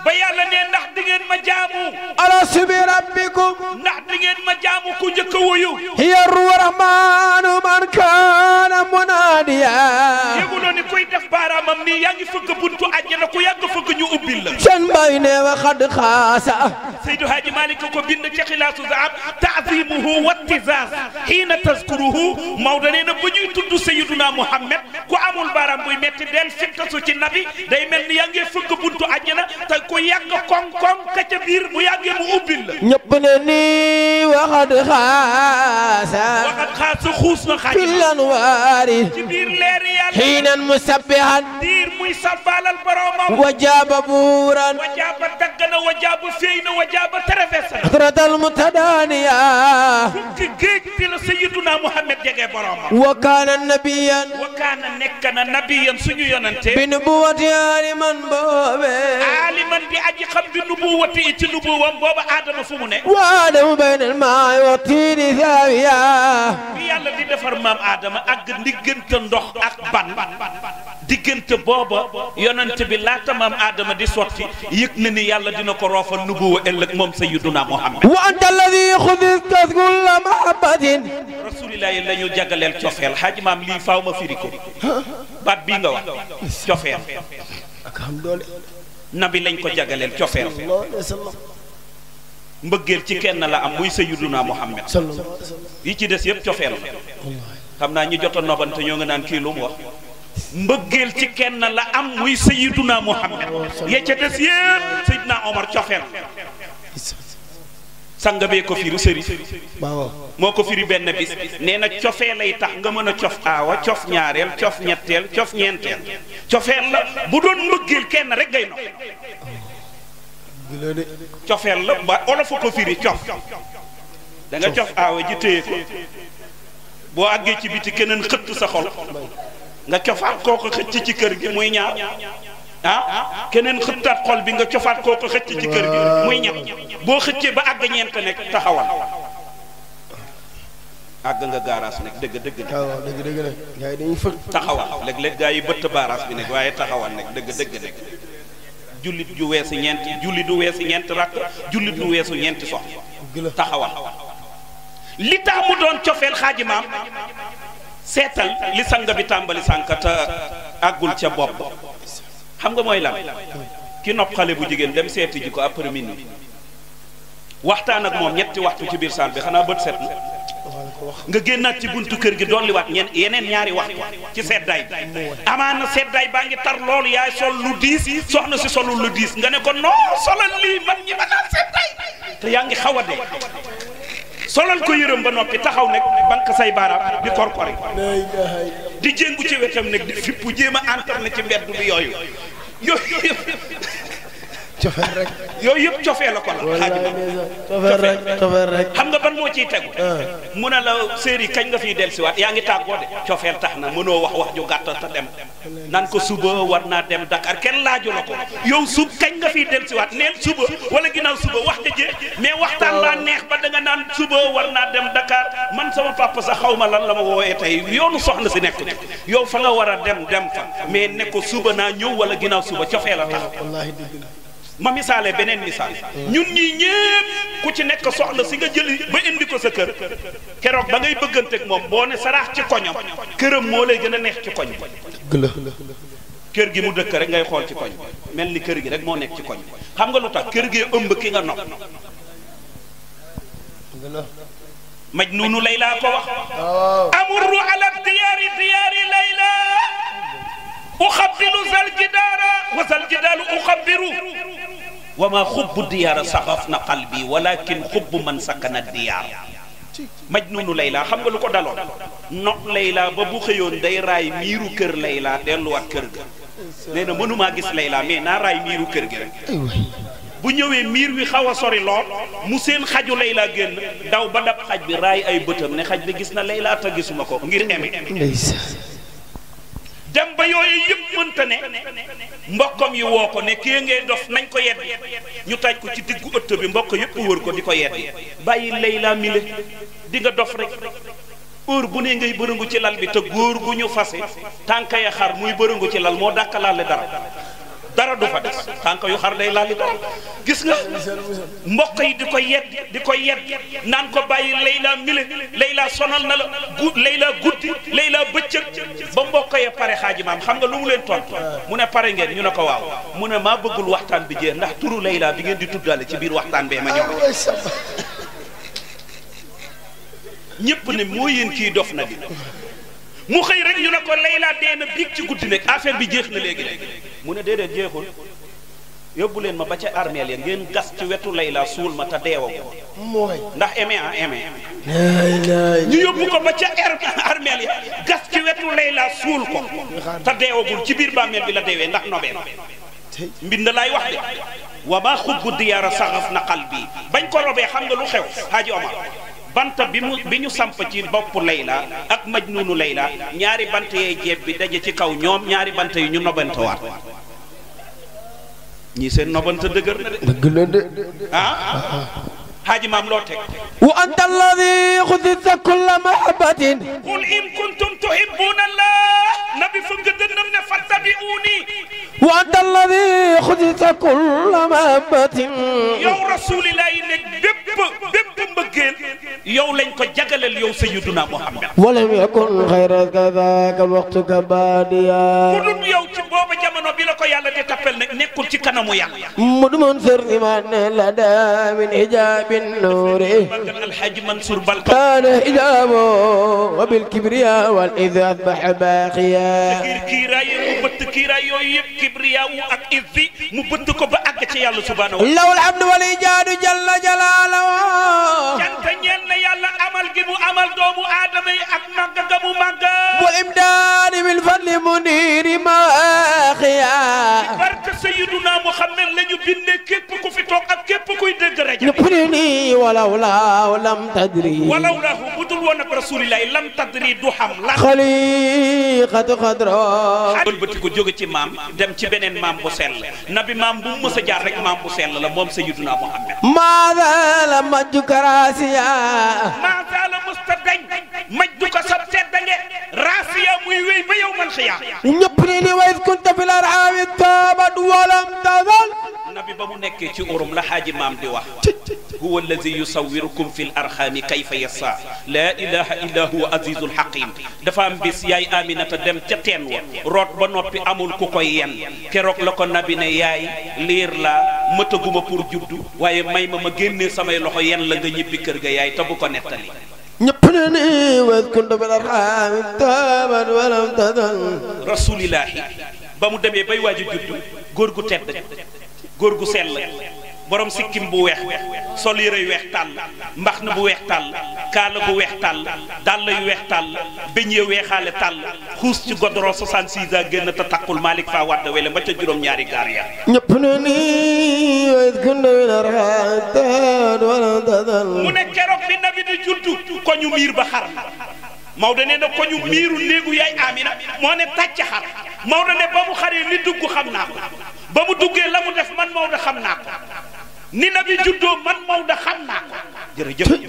ba yàlla ne ndax di ngeen ma jaamu. ala subi rabbikum. ndax di ma jaamu ku njëkk a wuyu. yaru rahmaanu man kaana munadiya. yëguloo ni kuy def baaraamam nii yaa ngi fëgg buntu àjjana ku yàgg fëgg ñu ubbil la. seen wa xad xaasa. Seydou Hadji Malick ko bind ca xilaasu zaab taazimuhu wattizaaz xiina tazkuruhu Maodo nee na ba ñuy tudd Seyduna Muhammad ku amul baram buy metti del fittasu ci nabi day mel ni yaa ngi fëgg buntu àjjana te ku yàgg koŋ-koŋ ka ca biir bu yàggee mu ubbil la. ñëpp ne nii waxat xaasa. waxat xaasa xuus na xaaj. ci biir leer yi xiinan mu sabbihan diir muy sabbaalal boromam wajaaba buuran wajaaba daggana wajaaba feey na wajaaba traversé xadratal mutadaaniya fukki géej bi la sayiduna Muhammad jege boromam wa kaana nabiyan wa kaana nekk na nabiyan suñu yonante bi nubuwati aliman boobe aliman bi aji xam bi nubuwati ci nubuwam booba aadama fu mu ne wa aadamu baynal maay wa tiini saawiya bi yàlla di defar maam aadama ak diggante ndox ak fan diggante booba yonent bi laata maam aadama di sotti yëg na ni yàlla dina ko roofal nubuwa ëllëg moom sayyiduna Muhammad wa anta alladi xudista kulla mahabbatin rasulillahi la ñu jagaleel cofeel xaaji maam lii faaw ma baat bii nga wax cofeel ak xam nabi lañ ko jagaleel cofeel mbëggeel ci kenn la am muy sayyiduna Muhammad yi ci des yëpp cofeel la xam naa ñu jot a nobante ñoo nga naan kii lu mu wax mbëggeel ci kenn la am muy sayyiduna Muhammad ya ca des yépp sayyiduna Omar cofeel sanga ko firi sëri moo ko firi benn bis nee na lay tax nga mën a cof aawa cof ñaareel cof ñetteel cof ñeenteel cofeel la bu doon mbëggeel kenn rek ngay no cofeel la ba olofa ko firi cof da cof aawa ji téye ko boo àggee ci biti keneen xëtt sa xol nga cofaat kooko xëcc ci kër gi muy ñaar ah keneen xëttaat xol bi nga cofaat kooko xëcc ci kër gi muy ñett boo xëccee ba àgg ñeent nekk taxawal àgg nga gaaraas nekk dëgg dëgg nekk. waaw dëgg dëgg nekk gars yi dañuy fëgg. taxawal léeg-léeg gars yi bëtt baaraas bi nekk waaye taxawal nekk dëgg dëgg nekk. jullit ju weesu ñeenti jullit du weesu ñeent rakk jullit du weesu ñeenti sox taxawal. li tax mu doon cofeel xaaji maam seetal li sang bi tàmbali sànq te àggul ca bopp xam nga mooy lan ki nopp xale bu jigéen dem seeti ji ko après minuit waxtaan ak moom ñetti waxtu ci biir saal bi xanaa bët set na nga génnaat ci buntu kër gi dolliwaat ñen yeneen ñaari waxtu ci seddaay bi amaana seddaay baa ngi tar loolu yaay sol lu diis soxna si solul lu diis nga ne ko non solal lii man ñi ma naan seddaay te yaa ngi xaw a dee solal ko yërëm ba noppi taxaw nag banque say baaraam di korkori di jéngu ci wetam nag di fippu jéem a na ci mbedd bi yooyu yooyu cofeel rek. yooyu yëpp cofeel la ko la. cofeel rek xam nga ban moo ciy tegu. Ah. mu ne la séeri kañ nga fiy dellusiwaat yaa ngi tàggoo de. cofeel tax na mënoo wax wax ju gàtt te dem nan ko suba war naa dem Dakar kenn laaju na ko yow sub kañ nga fiy dellusiwaat neel suba wala ginnaaw suba wax nga jë mais waxtaan laa neex ba da naan suba war naa dem dakaar man sama papa sa xaw ma lan la ma wooyee tey yoonu soxna si nekk yow fa nga war a dem dem fa mais ne ko suba naa ñëw wala ginnaaw suba cofeel la tax. ma misaale beneen misaal ñun ñii ñépp ku ci nekk soxna si nga jëli ba indi ko sa kër keroog ba ngay bëgganteeg moom boo ne saraax ci koñam këram moo lay gën a neex ci koñ ko kër gi mu dëkk rek ngay xool ci koñ mel ni kër gi rek moo nekk ci koñ xam nga lu tax kër gee ëmb ki nga nopp maj nuunu laylaa ko wax oh. amurru ala diyaari diyaari layla uxabbilu zal jidaara wa zal jidaalu uxabbiru wa ma xubbu diyaara saxaf na qalbi walakin xubbu man sakkana diyaar majnuunu Layla xam nga lu ko daloon no Layla ba bu xëyoon day raay miiru kër Layla delluwaat kër ga nee na mënumaa gis Layla mais naa raay miiru kër gi rek bu ñëwee miir wi xaw a sori lool mu seen xaju Layla génn daw ba dab xaj bi raay ay bëtam ne xaj bi gis na Layla te gisuma ko ngir eme dem ba yooyu yëpp mënta ne mbokkam yi woo ko ne kii ngay dof nañ ko yedd ñu taaj ko ci diggu ëtt bi mbokk yëpp wër ko di ko yedd bàyyi Layla mile di nga dof rek heure bu ne ngay bërëngu ci lal bi te góor gu ñu fase tànka ya xar muy bërëngu ci lal moo dàkkalaale dara dara du fa des tànk yu xar day laali dara gis nga mbokk yi di ko yedd di ko yedd naan ko bàyyi Layla mile Layla sonal na la gu Layla guddi Layla bëccëg ba mbokk ya pare xaaji xam nga lu mu leen tontu mu ne pare ngeen ñu ne ko waaw mu ne maa bëggul waxtaan bi jeex ndax turu Layla bi ngeen di tuddaale ci biir waxtaan bee ma sa ñépp ne moo yéen kii dof na bi mu xëy rek ñu ne ko Layla dee na biig ci guddi nag affaire bi jeex na léegi léegi mu ne déedéet jeexul yóbbu leen ma ba ca armeel ya ngeen gas ci wetu Layla suul ma te deewagul. mooy ndax aimé ah, ko ca armeel ya gas ci ko te deewagul ci biir bàmmeel bi la deewee ndax nobeen mbind laay wax de wa maa xubbu diyaara saxaf na qalbi bañ ko robee xam nga lu xew Haji Omar. bant bi mu bi ñu samp ci bopp Layla ak Majnuunu Layla ñaari bant yee jeeb bi daje ci kaw ñoom ñaari bant yi ñu nobantewaat ñii seen nobante dëgër na de. dëgg la ah? loo teg. wa anta alladi xudita kulla mahabatin. qul in kuntum tuhibbuna allah. nabi fu nga dënnam ne fattabi'uni. wa anta alladi xudita kulla mahabatin. yow rasulilah yi ne bépp bépp. mbëggeel yow lañ ko jagaleel yow sayyiduna Muhammad wala yakun xayra kadaka waxtu ka baadiya ku dul yow ci booba jamono bi la ko yàlla di tappel nag nekkul ci kanamu yàlla mu dumoon sër iman la da min hijabin nuuri alhaji Mansour Bal kaana hijaabo wa bil kibriya wal idhi asbaha baaqiya kiiraay mu bëtt kiiraay yooyu yëpp kibriya wu ak idhi mu bëtt ko ba àgg ci yàlla subhanahu lawal abdu wal ijaadu jalla jalaaluhu cant ñeen na yàlla amal gi mu amal doomu aadama yi ak màgg ga mu màgg wal imdaani min fadli muniri maaxiya ci barke Sayyiduna Muhammad la ñu bindee képp ku fi toog ak képp kuy dégg rajo bi ñu ni walaw laaw lam tadri walaw laahu bu dul woon ak rasulillahi lam tadri du xam la xaliqatu xadra bëlbati ko jóge ci maam dem ci beneen maam bu sell nabi maam bu mës a jaar rek maam bu sell la moom Sayyiduna Muhammad maa la majjukara raasiya maa zaala musta dañ majdu ko sob teddange raasiya muy wéy ba yow man xiya ñëpp ni ni ways kunta fi larxaami taabat walam tazal nabi ba mu nekkee ci urum la xaaji maam di wax huwa allazi yusawirukum fi l arxaami kayfa yassa laa ilaha huwa azizul xaqim dafa am bis yaay aminata dem ca teen wa root ba noppi amul ku koy yen keroog la ko nabi ne yaay liir laa mëtaguma pour juddu waaye may ma ma génnee samay loxo yen la nga ñibbi kër ga yaay te bu ko nettali ñëpp ne ni wa kuntu bil arxaami taaban walam tadal ba mu demee bay waaj a juddu góor gu tedd góor gu sell borom sikkim bu weex sol yére yu weex tàll mbax na bu weex tàll kaala bu weex tàll dàll yu weex tàll beñ ye weexaale tàll xuus ci godoro 66 a génn te takkul Malick Fa wadd wele ba ca juróom-ñaari gaar ya ñëpp ne ni wayit kundawina raxatat wala tadal mu ne keroog bi nabi di juddu ko ñu miir ba xar Maodo ne na ko ñu miiru néegu yaay Amina moo ne tàcc xar Maodo ne ba mu xaree li dugg xam naa ko ba mu duggee la mu def man Maodo xam naa ni nabi juddoo man Maodo xam naa ko jërëjëf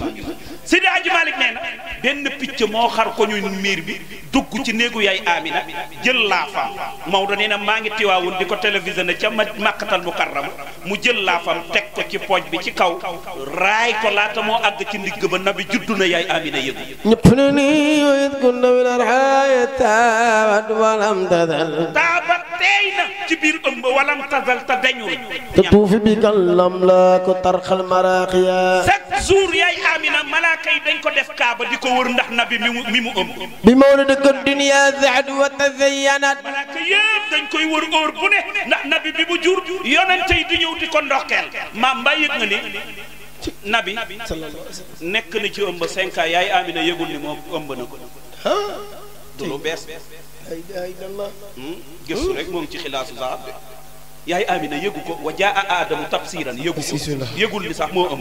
Seydi Hadji Malick nee na benn picc moo xar ko ñu miir bi dugg ci néegu yaay Amina jël laafam Maodo nee na maa ngi tiwaawoon di ko télévisionné ca Makkatal Mukarram mu jël laafam teg ko ci pooj bi ci kaw raay ko laata moo àgg ci ndigg ba nabi juddu na yaay Amina yëgu ñëpp ne ni yoyit kunna min arxaaya taabat walam tazal taabat teey na ci biir ëmb walam tazal te dañul te tuufi bi kallam la ku tarxal maraaxiya chaque jour yaay Amina malaaka yi dañ ko def kaaba di ko wër ndax nabi mi mu mi mu ëmb. bi mawlidi ko koy wër óor bu ne ndax nabi bi mu jur yonente yi di ñëw di ko ndokkeel maam mbaa yëg nga ni nabi nekk na ci ëmb 5 ans yaay Amina yëgul ni moom ëmb na ko. du lu bees. ay ay gis rek moom ci xilaasu zaab bi. yaay Amina yëgu ko wa jaa a aadamu tabsiran yëgu ko yëgul ni sax moo am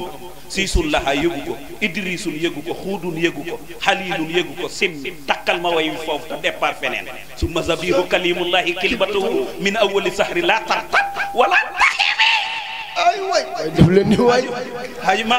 siisul lahaa yëgu ko idrisun yëgu ko xuudun yëgu ko xaliilun yëgu ko simmi takkal ma wayu foofu te départ feneen summa zabihu kalimullahi kilbatuhu min awali sahri la tartab wala taxibi ay waay def leen ni waay xajma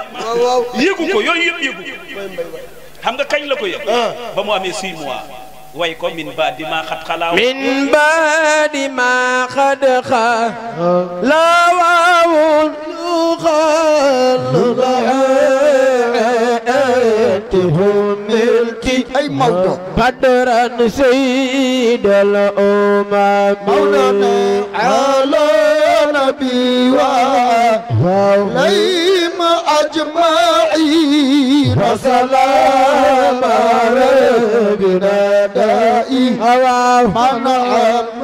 yëgu ko yooyu yëpp yëgu ko xam nga kañ la ko yëg ah. ba mu amee six mois way ko min baadi ma xat xalaaw min baadi ma xat xalaawun lu xalaatihum milki ay mawdo badran sayyidal umam mawlana ala nabi wa lay أجمعين وسلام ربنا دائم من عم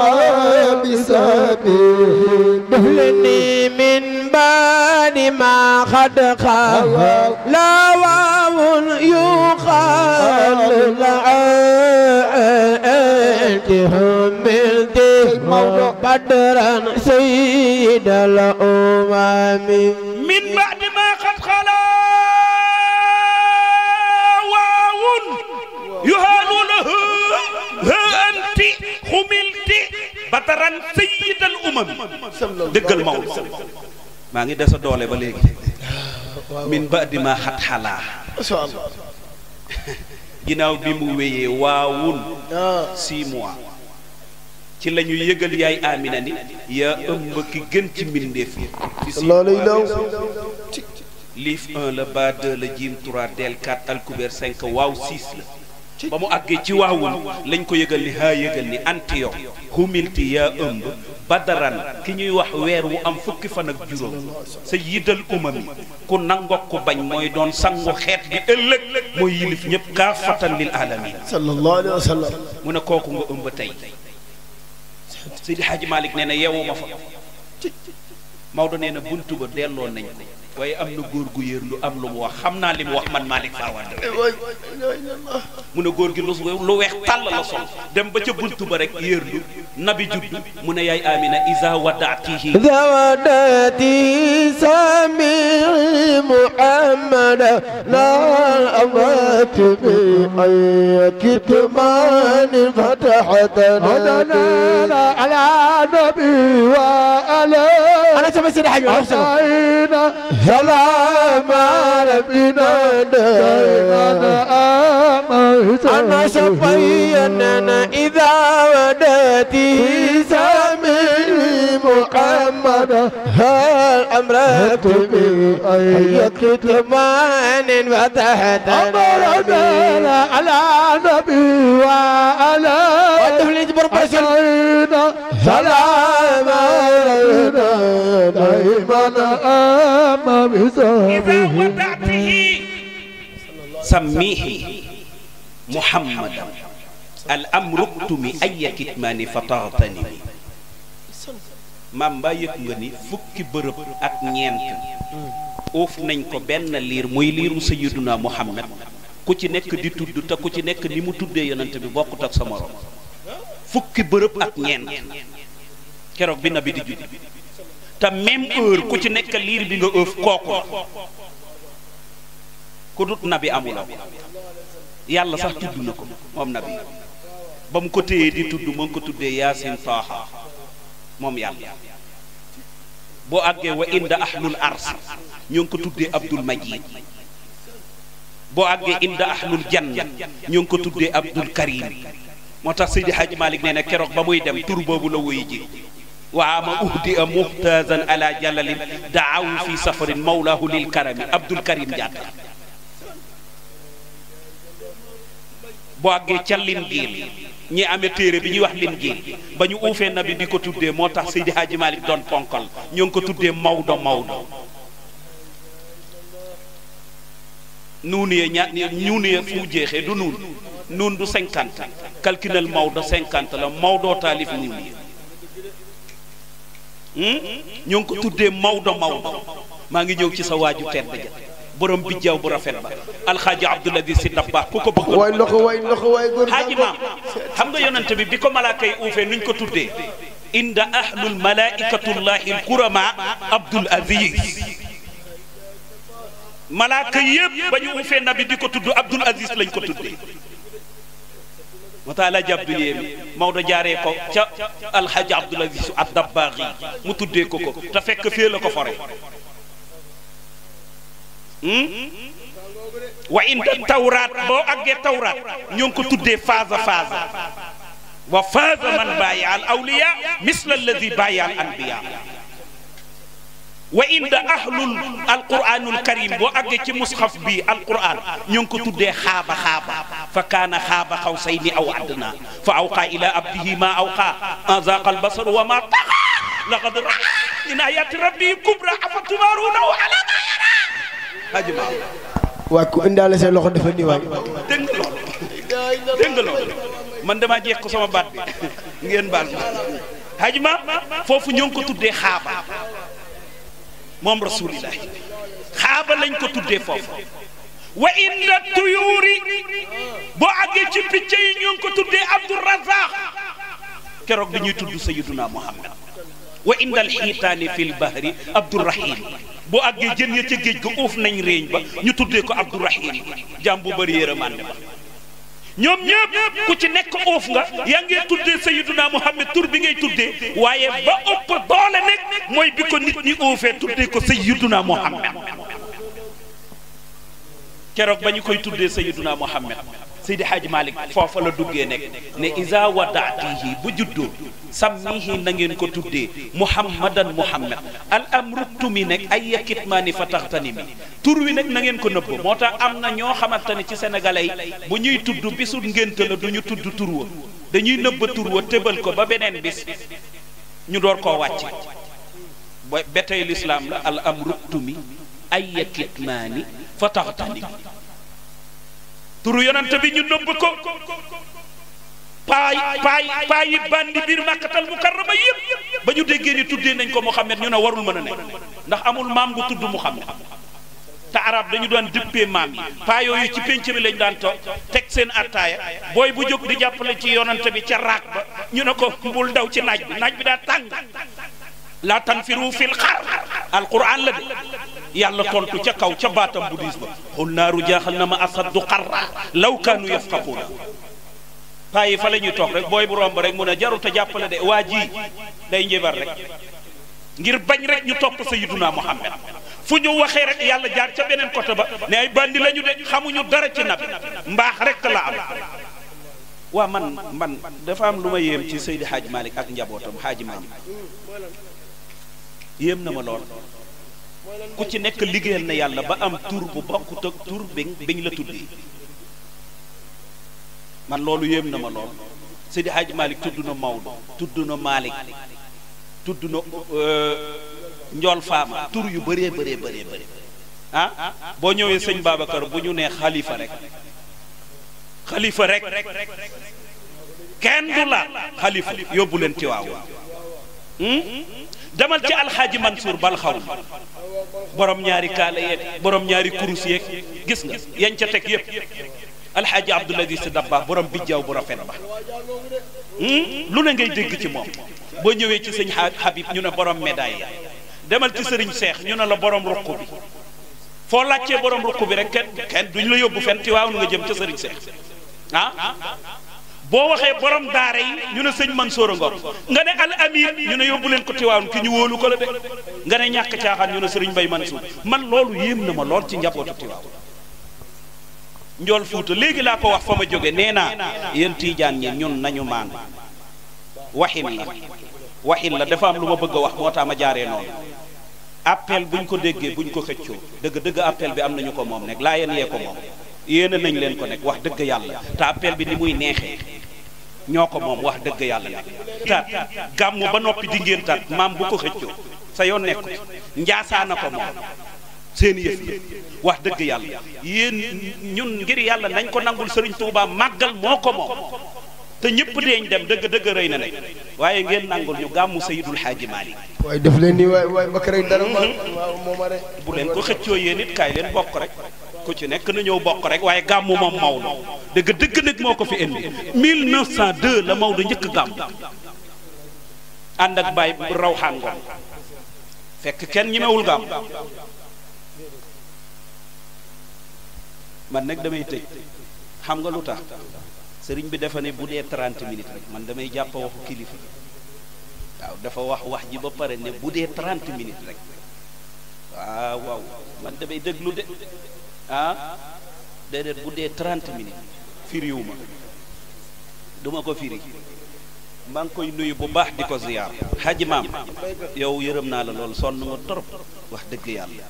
بسبيل دهلني من بعد ما قد خاب لا واو يقال لعائلتهم بدرا سيد الأمم من بعد قد خلا واو يهان له ها أنت خملت بطرا سيد الأمم دق الموت maa ngi des a doole ba léegi min ba dima xat xalaa ginnaaw bi mu wéyee waawun six ci la yëgal yaay Amina ni yaa ëmb ki gën ci mbindeef yi loolu law liif 1 la ba 2 la jiim 3 del 4 alkubeer waaw 6 la ba mu àggee ci waawul lañ ko yëgal ni haa yëgal ni antiyo humilti yaa ëmb badaran ki ñuy wax weer wu am fukki fan ak juróom sa yidal umami ku nangoo ku bañ mooy doon sangu xeet bi ëllëg mooy yilif ñëpp kaafatan lil alamin sallallahu alayhi wa sallam mu ne kooku nga ëmb tey Seydi Hadji nee na yeewuma fa Maodo nee na buntu ba delloo nañ waaye am na góor gu yéer lu am lu mu wax xam naa li mu wax man Malick Fawad mu ne góor gi lu lu weex la sol dem ba ca buntu ba rek yéer lu nabi judd mu ne yaay Amina iza wadaatihi iza wadaati sami muhammad la amati bi ay kitman fatahatana ala nabi wa أنا تمسي لحق وحسن سلام ربنا دائما أنا شفينا إذا ودته سامي محمد هل أمرت بأي كتمان فتحت أمرنا على نبي وعلى وتفلج بربشر سلام علينا دائما أما بزهره سميه محمدا الأمر اكتمي أي كتمان فتغتنم maam mbaa yëg nga ni fukki bërëb ak ñeent oof nañ ko benn liir muy liiru sayiduna muhammad ku ci nekk di tudd te ku ci nekk ni mu tuddee yonent bi bokkut ak sa morom fukki bërëb ak ñeent keroog bi nabi di judd te même heure ku ci nekk liir bi nga ëf kooku la ku dut nabi amuloo yàlla sax tudd na ko moom nabi ba mu ko téyee di tudd ma ngi ko tuddee yaasin taaha moom yàlla boo àggee wa inda ahlul ars ñoo ngi ko tuddee abdul majid boo àggee inda ahlul janna ñoo ngi ko tuddee abdul karim moo tax seydi haaji malik nee na keroog ba muy dem tur boobu la wuy ji وعام أهدئ ممتازا على جلل دعاه في سفر مولاه للكرم عبد الكريم جاتا boo àggee ca lim giil ñi amee téere bi ñuy wax lim giil ba ñu uufee nabi di ko tuddee moo tax Seydi Hadji Malick doon ponkal ñoo ngi ko tuddee Maodo Maodo nuun yee ña ñuun yee fu jeexee du nuun nuun du cinquante calculal Maodo cinquante la Maodo taalif nuun yee ñoo ngi ko tuddee Maodo Maodo maa ngi ñëw ci sa waaju tedd ja borom bi jaw bu rafet ba alxaaji abdoulaziz si dabbaax ku ko bëgg way loxo way loxo way góor xaaji maam xam nga yonent bi bi ko malaaka yi uufee nuñ ko tuddee inda ahlul malaikatullahi alkurama abdul aziz malaaka yëpp ba ñu di ko tudd abdul aziz lañ ko tuddee wataala ji abdu yéen Maodo jaaree ko ca alxaaji abdul asiisu mu tuddee ko ko te fekk la ko fore hmm? wa inda tawraat boo àggee tawraat ñoo tuddee faasa faasa wa faasa man bàyyi al misla alladi bàyyi al wa inda ahlul alquranul karim boo àggee ci bi alquran ñoo ngi ko tuddee xaaba xaaba fa kaana xaaba xawsayni aw adna fa awqaa ila abdihi ma awqaa azaqa albasaru wa ma taxa laqad min ayati rabbi kubra afa tumaaruunahu ala ma yara hajma loxo dafa nii waay man damaa jeex sama baat bi ngeen baal foofu ñoo ngi xaaba moom rasulillahi xaaba lañ ko tuddee foofu wa inda tuyuuri boo àggee ci picc yi ñoo ngi ko tuddee abdurazaq keroog bi ñuy tudd sayiduna muhammad wa inda alxiitaani fi lbahri abdurahim boo àggee jën ya ca géej ga uuf nañ réeñ ba ñu tuddee ko abdurahim jaam bu bëri yërëmande ba ñoom ñëpp ku ci nekk oof nga yaa ngee tuddee Sayyiduna Muhammad tur bi ngay tuddee waaye ba ëpp doole nekk mooy bi ko nit ñi oofee tuddee ko Sayyiduna Muhammad keroog ba ñu koy tuddee Sayyiduna Muhammad Seydi Hadji Malick foofa la duggee nekk ne isa wadaatihi bu juddoo sammihi na ngeen ko tuddee muhammadan muhammad al amruktu mi nekk ay yakitmaani fa taxtani mi tur wi nag na ngeen ko nëbb moo tax am na ñoo xamante ne ci sénégalais yi bu ñuy tudd bisul ngénte la du ñu tudd tur wa dañuy nëbb tur wa tëbal ko ba beneen bis ñu door koo wàcc ba betey lislaam la al amruktu mi ay yakitmaani fa taxtani mi turu yonent bi ñu nëbb ko paay paay paay yi bandi biir màkkatal mukarrama yëpp ba ñu déggee ni tuddee nañ ko Muhammad ñu ne warul mën a ne ndax amul maam gu tudd mu Muhammad te arab dañu doon dëppee maam yi paa yooyu ci pénc bi lañ daan toog teg seen attaaya booy bu jóg di jàppale ci yonante bi ca raak ba ñu ne ko mbul daw ci naaj bi naaj bi daa tàng la tanfiru fil xar alquran la de yàlla tontu ca kaw ca baatam bu diis ba xul naaru jaaxal na ma asaddu xarra law kaanu yafqahuuna paa yi fa la ñuy toog rek booy bu romb rek mun a jarut a jàppale de waa ji day njébar rek ngir bañ rek ñu topp sayyiduna Muhammad fu ñu waxee rek yàlla jaar ca beneen côté ba ne ay bandi la de xamuñu dara ci nabi mbaax rek la am waa man man dafa am lu ma yéem ci Seydi Hadj Malick ak njabootam Hadj Malick yéem na ma lool. ku ci nekk liggéeyal na yàlla ba am tur bu bokkut ak tur biñ biñ la tudd man loolu yéem na ma lool Seydi Hadj Malick tudd na Maodo tudd na Malick tudd na euh, Njool Faama tur yu bëree bëree bëree bëri ah, boo ñëwee sëñ Babacar bu ñu nee xalifa rek xalifa rek kenn du la xalifa yóbbu leen ci waaw hmm? demal ci alxaaji Mansour ba xaw borom ñaari kaala yeeg borom ñaari kurus yeeg gis nga yañ ca teg yëpp alxaaji Abdul Aziz Si Dabba borom bijjaaw bu rafet ba hmm? lu ne ngay dégg ci moom boo ñëwee ci sëñ Habib ñu ne borom médaille demal ci sëriñ Seex ñu ne la borom ruq bi foo laajtee borom ruq bi rekk kenn kenn duñ la yóbbu fenn ci waaw nga jëm ca sëriñ Seex ah boo waxee borom daara yi ñu ne sëñ Mansour a ngor nga ne al amir ñu ne yóbbu leen ko Tiwaawan ki ñu wóolu ko la de nga ne ñàkk caaxaan ñu ne sëriñ Bay Mansour man loolu yéem na ma lool ci njabootu Tiwaawan njool fuuta léegi laa ko wax fa ma jóge nee naa yéen tiijaan ñi ñun nañu maan waxin la waxin la dafa am lu ma bëgg a wax moo tax ma jaaree noonu bu buñ ko déggee buñ ko xëccoo dëgg dëgg appel bi am nañu ko moom nekk laa yéen yee ko moom yéene nañ leen ko nekk wax dëgg yàlla te appel bi ni muy neexee ñoo ko moom wax dëgg yàlla nag taat gàmmu ba noppi di ngeen taat maam bu ko xëccoo sa yoon nekku njaasaana ko moom seen yëf yi dëgg yàlla yéen ñun ngir yàlla nañ ko nangul sëriñ Touba màggal moo ko moom te ñëpp deeñ dem dëgg dëgg rëy na nag waaye ngeen nangul ñu gàmmu Seydul Xaaji Maalik waaye def leen nii waaye waaye bakk rek dara ma mhm. waaw bu leen ko xëccoo yéen it kaay leen bokk rek ku ci nekk na ñëw bokk rek waaye gàmmu moom Maodo dëgg dëgg nag moo ko fi indi 1902 la Maodo njëkk gàmm ànd ak Baye Rawxaan Ngom fekk kenn ñemewul gàmm man nag damay tëj xam nga lu tax sëriñ bi dafa ne bu dee 30 minutes rek man damay jàpp waxu kilifa waaw dafa wax wax ji ba pare ne bu dee 30 minutes rek waaw waaw man damay déglu de. ah déedéet bu dee 30 minutes firiwu ma du ma ko firi maa ngi koy nuyu bu baax di ko ziyaar xaji maam yow yërëm naa la lool sonn nga torop wax dëgg yàlla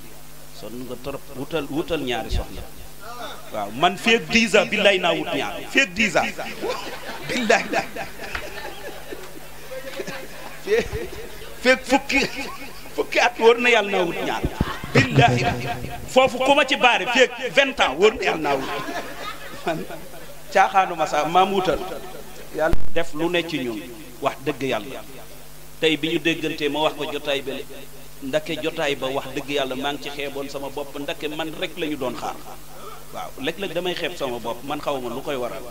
sonn nga torop wutal wutal ñaari soxla waaw man feeg 10 ans billaay naa wut ñaar feeg 10 ans billaay feeg fukki fukki at wóor na yàlla naa wut ñaar billahi foofu ku ma ci baare feeg vingt ans wóor na yàlla naa wut man caaxaanuma sax maam wutal yàlla def lu ne ci ñun wax dëgg yàlla tey bi ñu déggantee ma wax ko jotaay bele ndake jotaay ba wax dëgg yàlla maa ngi ci xeeboon sama bopp ndake man rek lañu doon xaar waaw léeg-léeg damay xeeb sama bopp man xaw ma lu koy waral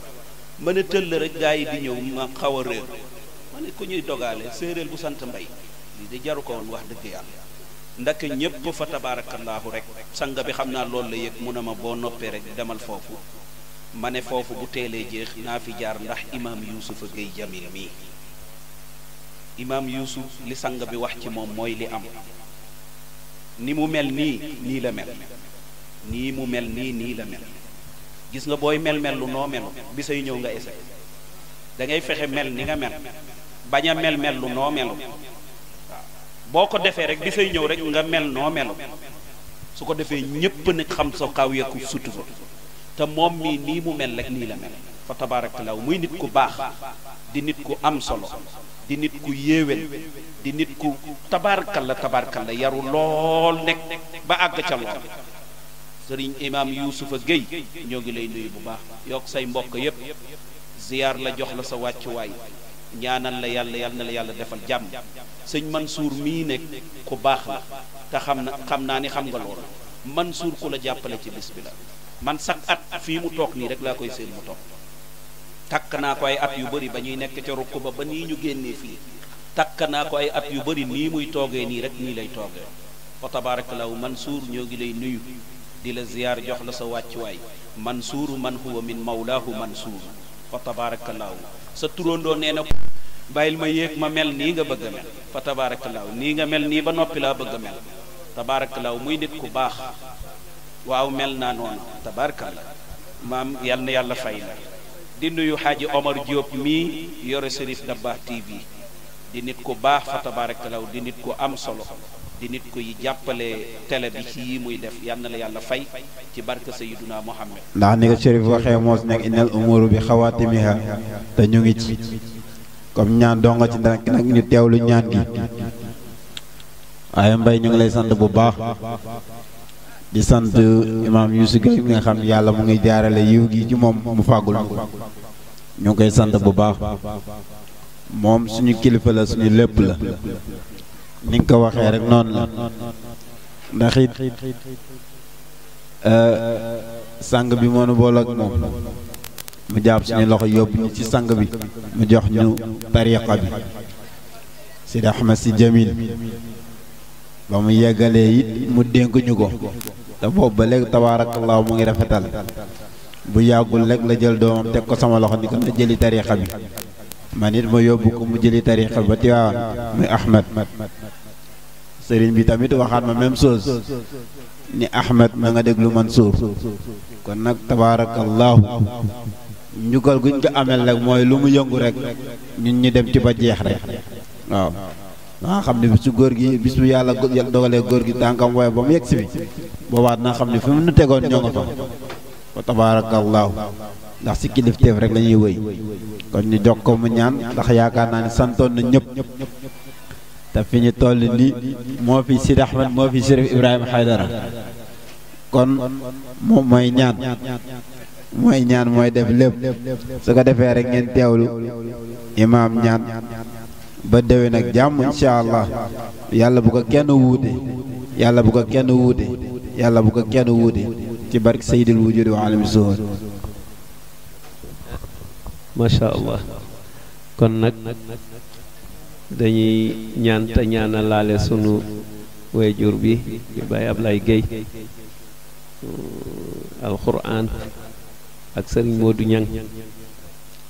ma ne tëll rek gaa yi di ñëw ma xaw a réer ma ne ku ñuy dogaale séeréer bu sant mbay lii di jaru ko woon wax dëgg yàlla ndaka ñépp fa tabaarakallaahu rek sanga bi xam naa loolu la yëg mu ne ma boo noppee rek demal foofu ma ne foofu bu teelee jeex naa fi jaar ndax imaam yuusufa gay jamil mii imaam yuusuf li sang bi wax ci moom mooy li am ni mu mel nii nii la mel nii mu mel nii nii la mel gis nga booy mel-mel lu noo melu bi say ñëw nga ese dangay fexe mel ni nga mel bañ a mel-mel lu noo melu boo ko defee rek bisay ñëw rek nga mel noo mel su ko defee ñépp nag xam sa kaw yeeku sutura te moom mii nii mu mel rek nii la mel fa tabaarakallaahu muy nit ku baax di nit ku am solo di nit ku yéewén di nit ku tabaarkalla tabaarkalla yaru lool nekk ba àgg ca lool sëriñ imaam yuusufa géy ñoo ngi lay nuyu bu baax yokk say mbokk yépp ziyaar la jox la sa wàccuwaay ñaanal la yàlla yàlla na la yàlla defal jàmm sëñ Mansour mii nekk ku baax la te xam na xam naa ni xam nga loolu Mansour ku la jàppale ci bis bi la man sax at fii mu toog nii rek laa koy seen mu toog takk naa ko ay at yu bëri ba ñuy nekk ca rukk ba ba nii ñu génnee fii takk naa ko ay at yu bari nii muy toogee nii rek nii lay toogee wa man Mansour ñoo ngi lay nuyu di la ziyaar jox la sa wàccuwaay Mansour man huwa min mawlaahu Mansour fa tabaarakallaahu sa turondoo nee na bàyyil ma yéeg ma mel nii nga bëgg a mel fa tabaarakallaahu nii nga mel nii ba noppi laa bëgg a mel tabaarakallaahu muy nit ku baax waaw mel naa noonu tabaarakallaah maam yal na yàlla fay la di nuyu xaaji Omar Diop mii yore Cherif Dabakh TV di nit ku baax fa tabaarakallaahu di nit ku am solo di nit kuy jàppale télé bi ci muy def yal la yàlla fay ci barke Sayyiduna Muhammad ndax ni ko Chérif waxee moos nekk inal umuru bi xawaatimiha te ñu ngi ci comme ñaan doo ci nag nag ñu teewlu ñaan gi waaye mbay ñu ngi lay sant bu baax di sant imaam Youssou Gueye bi nga xam yàlla mu ngi jaarale yiw gi ci moom mu fàggul ñu ngi koy sant bu baax moom suñu kilifa la suñu lépp la ni nga ko waxee rek noonu la ndax it euh, sang bi moo nu boole ak moom mu jàpp suñu loxo yóbbu ci sang bi mu jox ñu tariqa bi Sidi Ahmed si Jamil ba mu yeggalee it mu dénk ñu ko te boobu ba léegi tabaarakallaahu mu ngi rafetal bu yàggul rek la jël doomam teg ko sama loxo ni ko na jëli tariqa bi man it ma yóbbu ko mu jëli tariqa ba Tiwaawan muy Ahmed sëriñ bi tamit waxaat ma même chose ni Ahmed ma nga déglu Mansour kon nag tabaarakallaahu njukkal guñ ko amel rek mooy lu mu yëngu rek ñun ñu dem ci ba jeex rek waaw naa xam ne bisu góor gi bisu yàlla dogalee góor gi tànkam waaye ba mu yegg si bi boobaat naa xam ne fi mu nu tegoon ñoo nga fa fa tabaarakallaahu ndax si kilifteef rek la ñuy wëy kon ñu jox ko mu ñaan ndax yaakaar naa ne santoon na ñëpp te fi ñu toll ni moo fi Sidi Ahmed moo fi Chérif Ibrahima Haydara kon moom mooy ñaan mooy ñaan mooy def lépp su ko defee rek ngeen teewlu imaam ñaan ba déwén nag jàmm incha allah yàlla bu ko kenn wuute yàlla bu ko kenn wuute yàlla bu ko kenn wuute ci barke Seydil Wujudi wa alami zuhur macha allah kon nag. dañuy ñaan te ñaana laale sunu waajur bi di Baye Ablaye Guèye uh, alxuraan ak sëriñ Modou Niang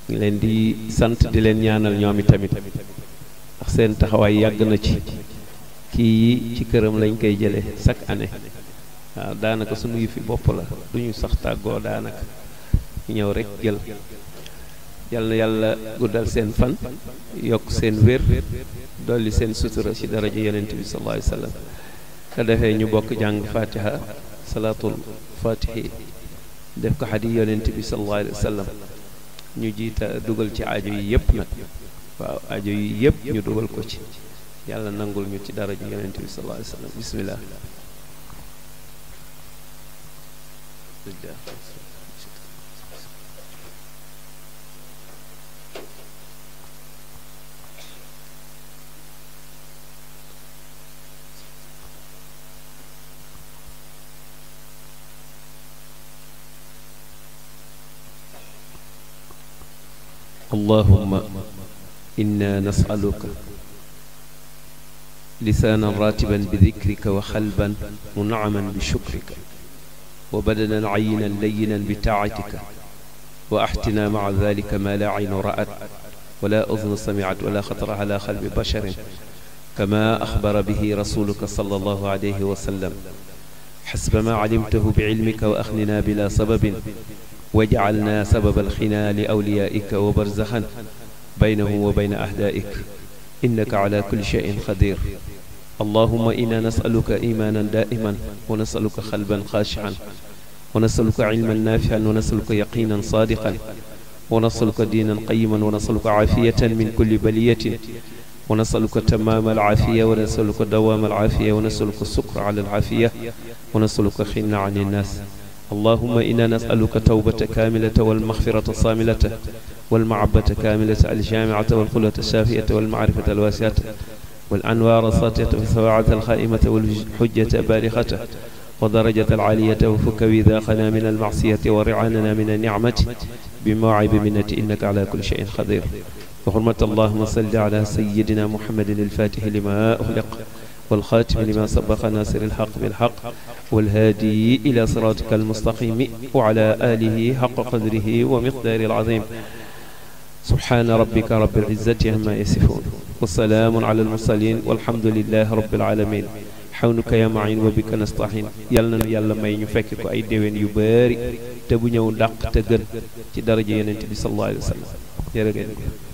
ngi leen di sant di leen ñaanal ñoom itamit ndax seen taxawaay yàgg na ci kii yi ci këram lañ koy jële chaque année waaw daanaka sunu yu bopp la duñu sax tàggoo daanaka ñëw rek jël yàlla yàlla guddal seen fan yokk seen wér dolli seen sutura ci daraja yonent bi sallallahu alayhi wa sallam defee ñu bokk jàng fatiha salaatul fatihi def ko xadi yonent bi sallallahu alayhi wa ñu jiita dugal ci ajo yi yëpp nag waaw ajo yi yëpp ñu dugal ko ci yàlla nangul ñu ci daraja yonent bi sallallahu alayhi wa sallam allahumma inna nasaluka lisaanan raatiban bi dikrika wa xalban muncaman bi shukrika wa badanan cayinan layinan bi taacatika wa axtinaa maca dalika maa laa caynu ra'at wala udnu samicat wala xatara calaa qalbi basharin kamaa axbara bihi rasuluka sallallahu alayhi wa sallam xasba maa calimtahu bicilmika wa axninaa bilaa sababin waj'alna sababa alxinaa li awliyaa'ika wa barzaxan baynahum wa bayna ahdaa'ik innaka ala kulli shay'in qadir allahuma inna nasaluka imaanan daa'iman wa nasaluka xalban xaashi'an wa nasaluka ilman naafi'an wa nasaluka yaqiinan saadiqan wa nasaluka diinan qayiman wa nasaluka caafiyatan min kulli baliyatin wa nasaluka tamaama alcaafiya wa nasaluka dawaama alcaafiya wa nasaluka sukra ala alcaafiya wa nasaluka xinna can innaas allahuma ina nasaluka tawbata kaamilata walmaxfirata saamilata walmahabata kaamilata aljaamiata walxulata alshaafiyata walmaarifata alwaasiata walanwaara saatiyata wasawaata alxaaimata walxujjata baarixata wa darajata alcaaliyata wa fukka widaaqana min almacsiyati wa ricaanana min alnicmati bimawci biminati innaka ala kulli cheyin qadir wa xurmata allahuma salli ala sayidina muhammadin alfaatixi lima uxliq والخاتم لما سبق ناصر الحق بالحق والهادي إلى صراطك المستقيم وعلى آله حق قدره ومقداره العظيم سبحان ربك رب العزة عما يصفون والسلام على المرسلين والحمد لله رب العالمين xawnaka ya ma'in wa bika nasta'in yàlla na yàlla may ñu fekk ko ay déwén yu bari te bu ñëw dàq te gën ci daraja yonent bi sallallahu alayhi wa sallam jërë ngeen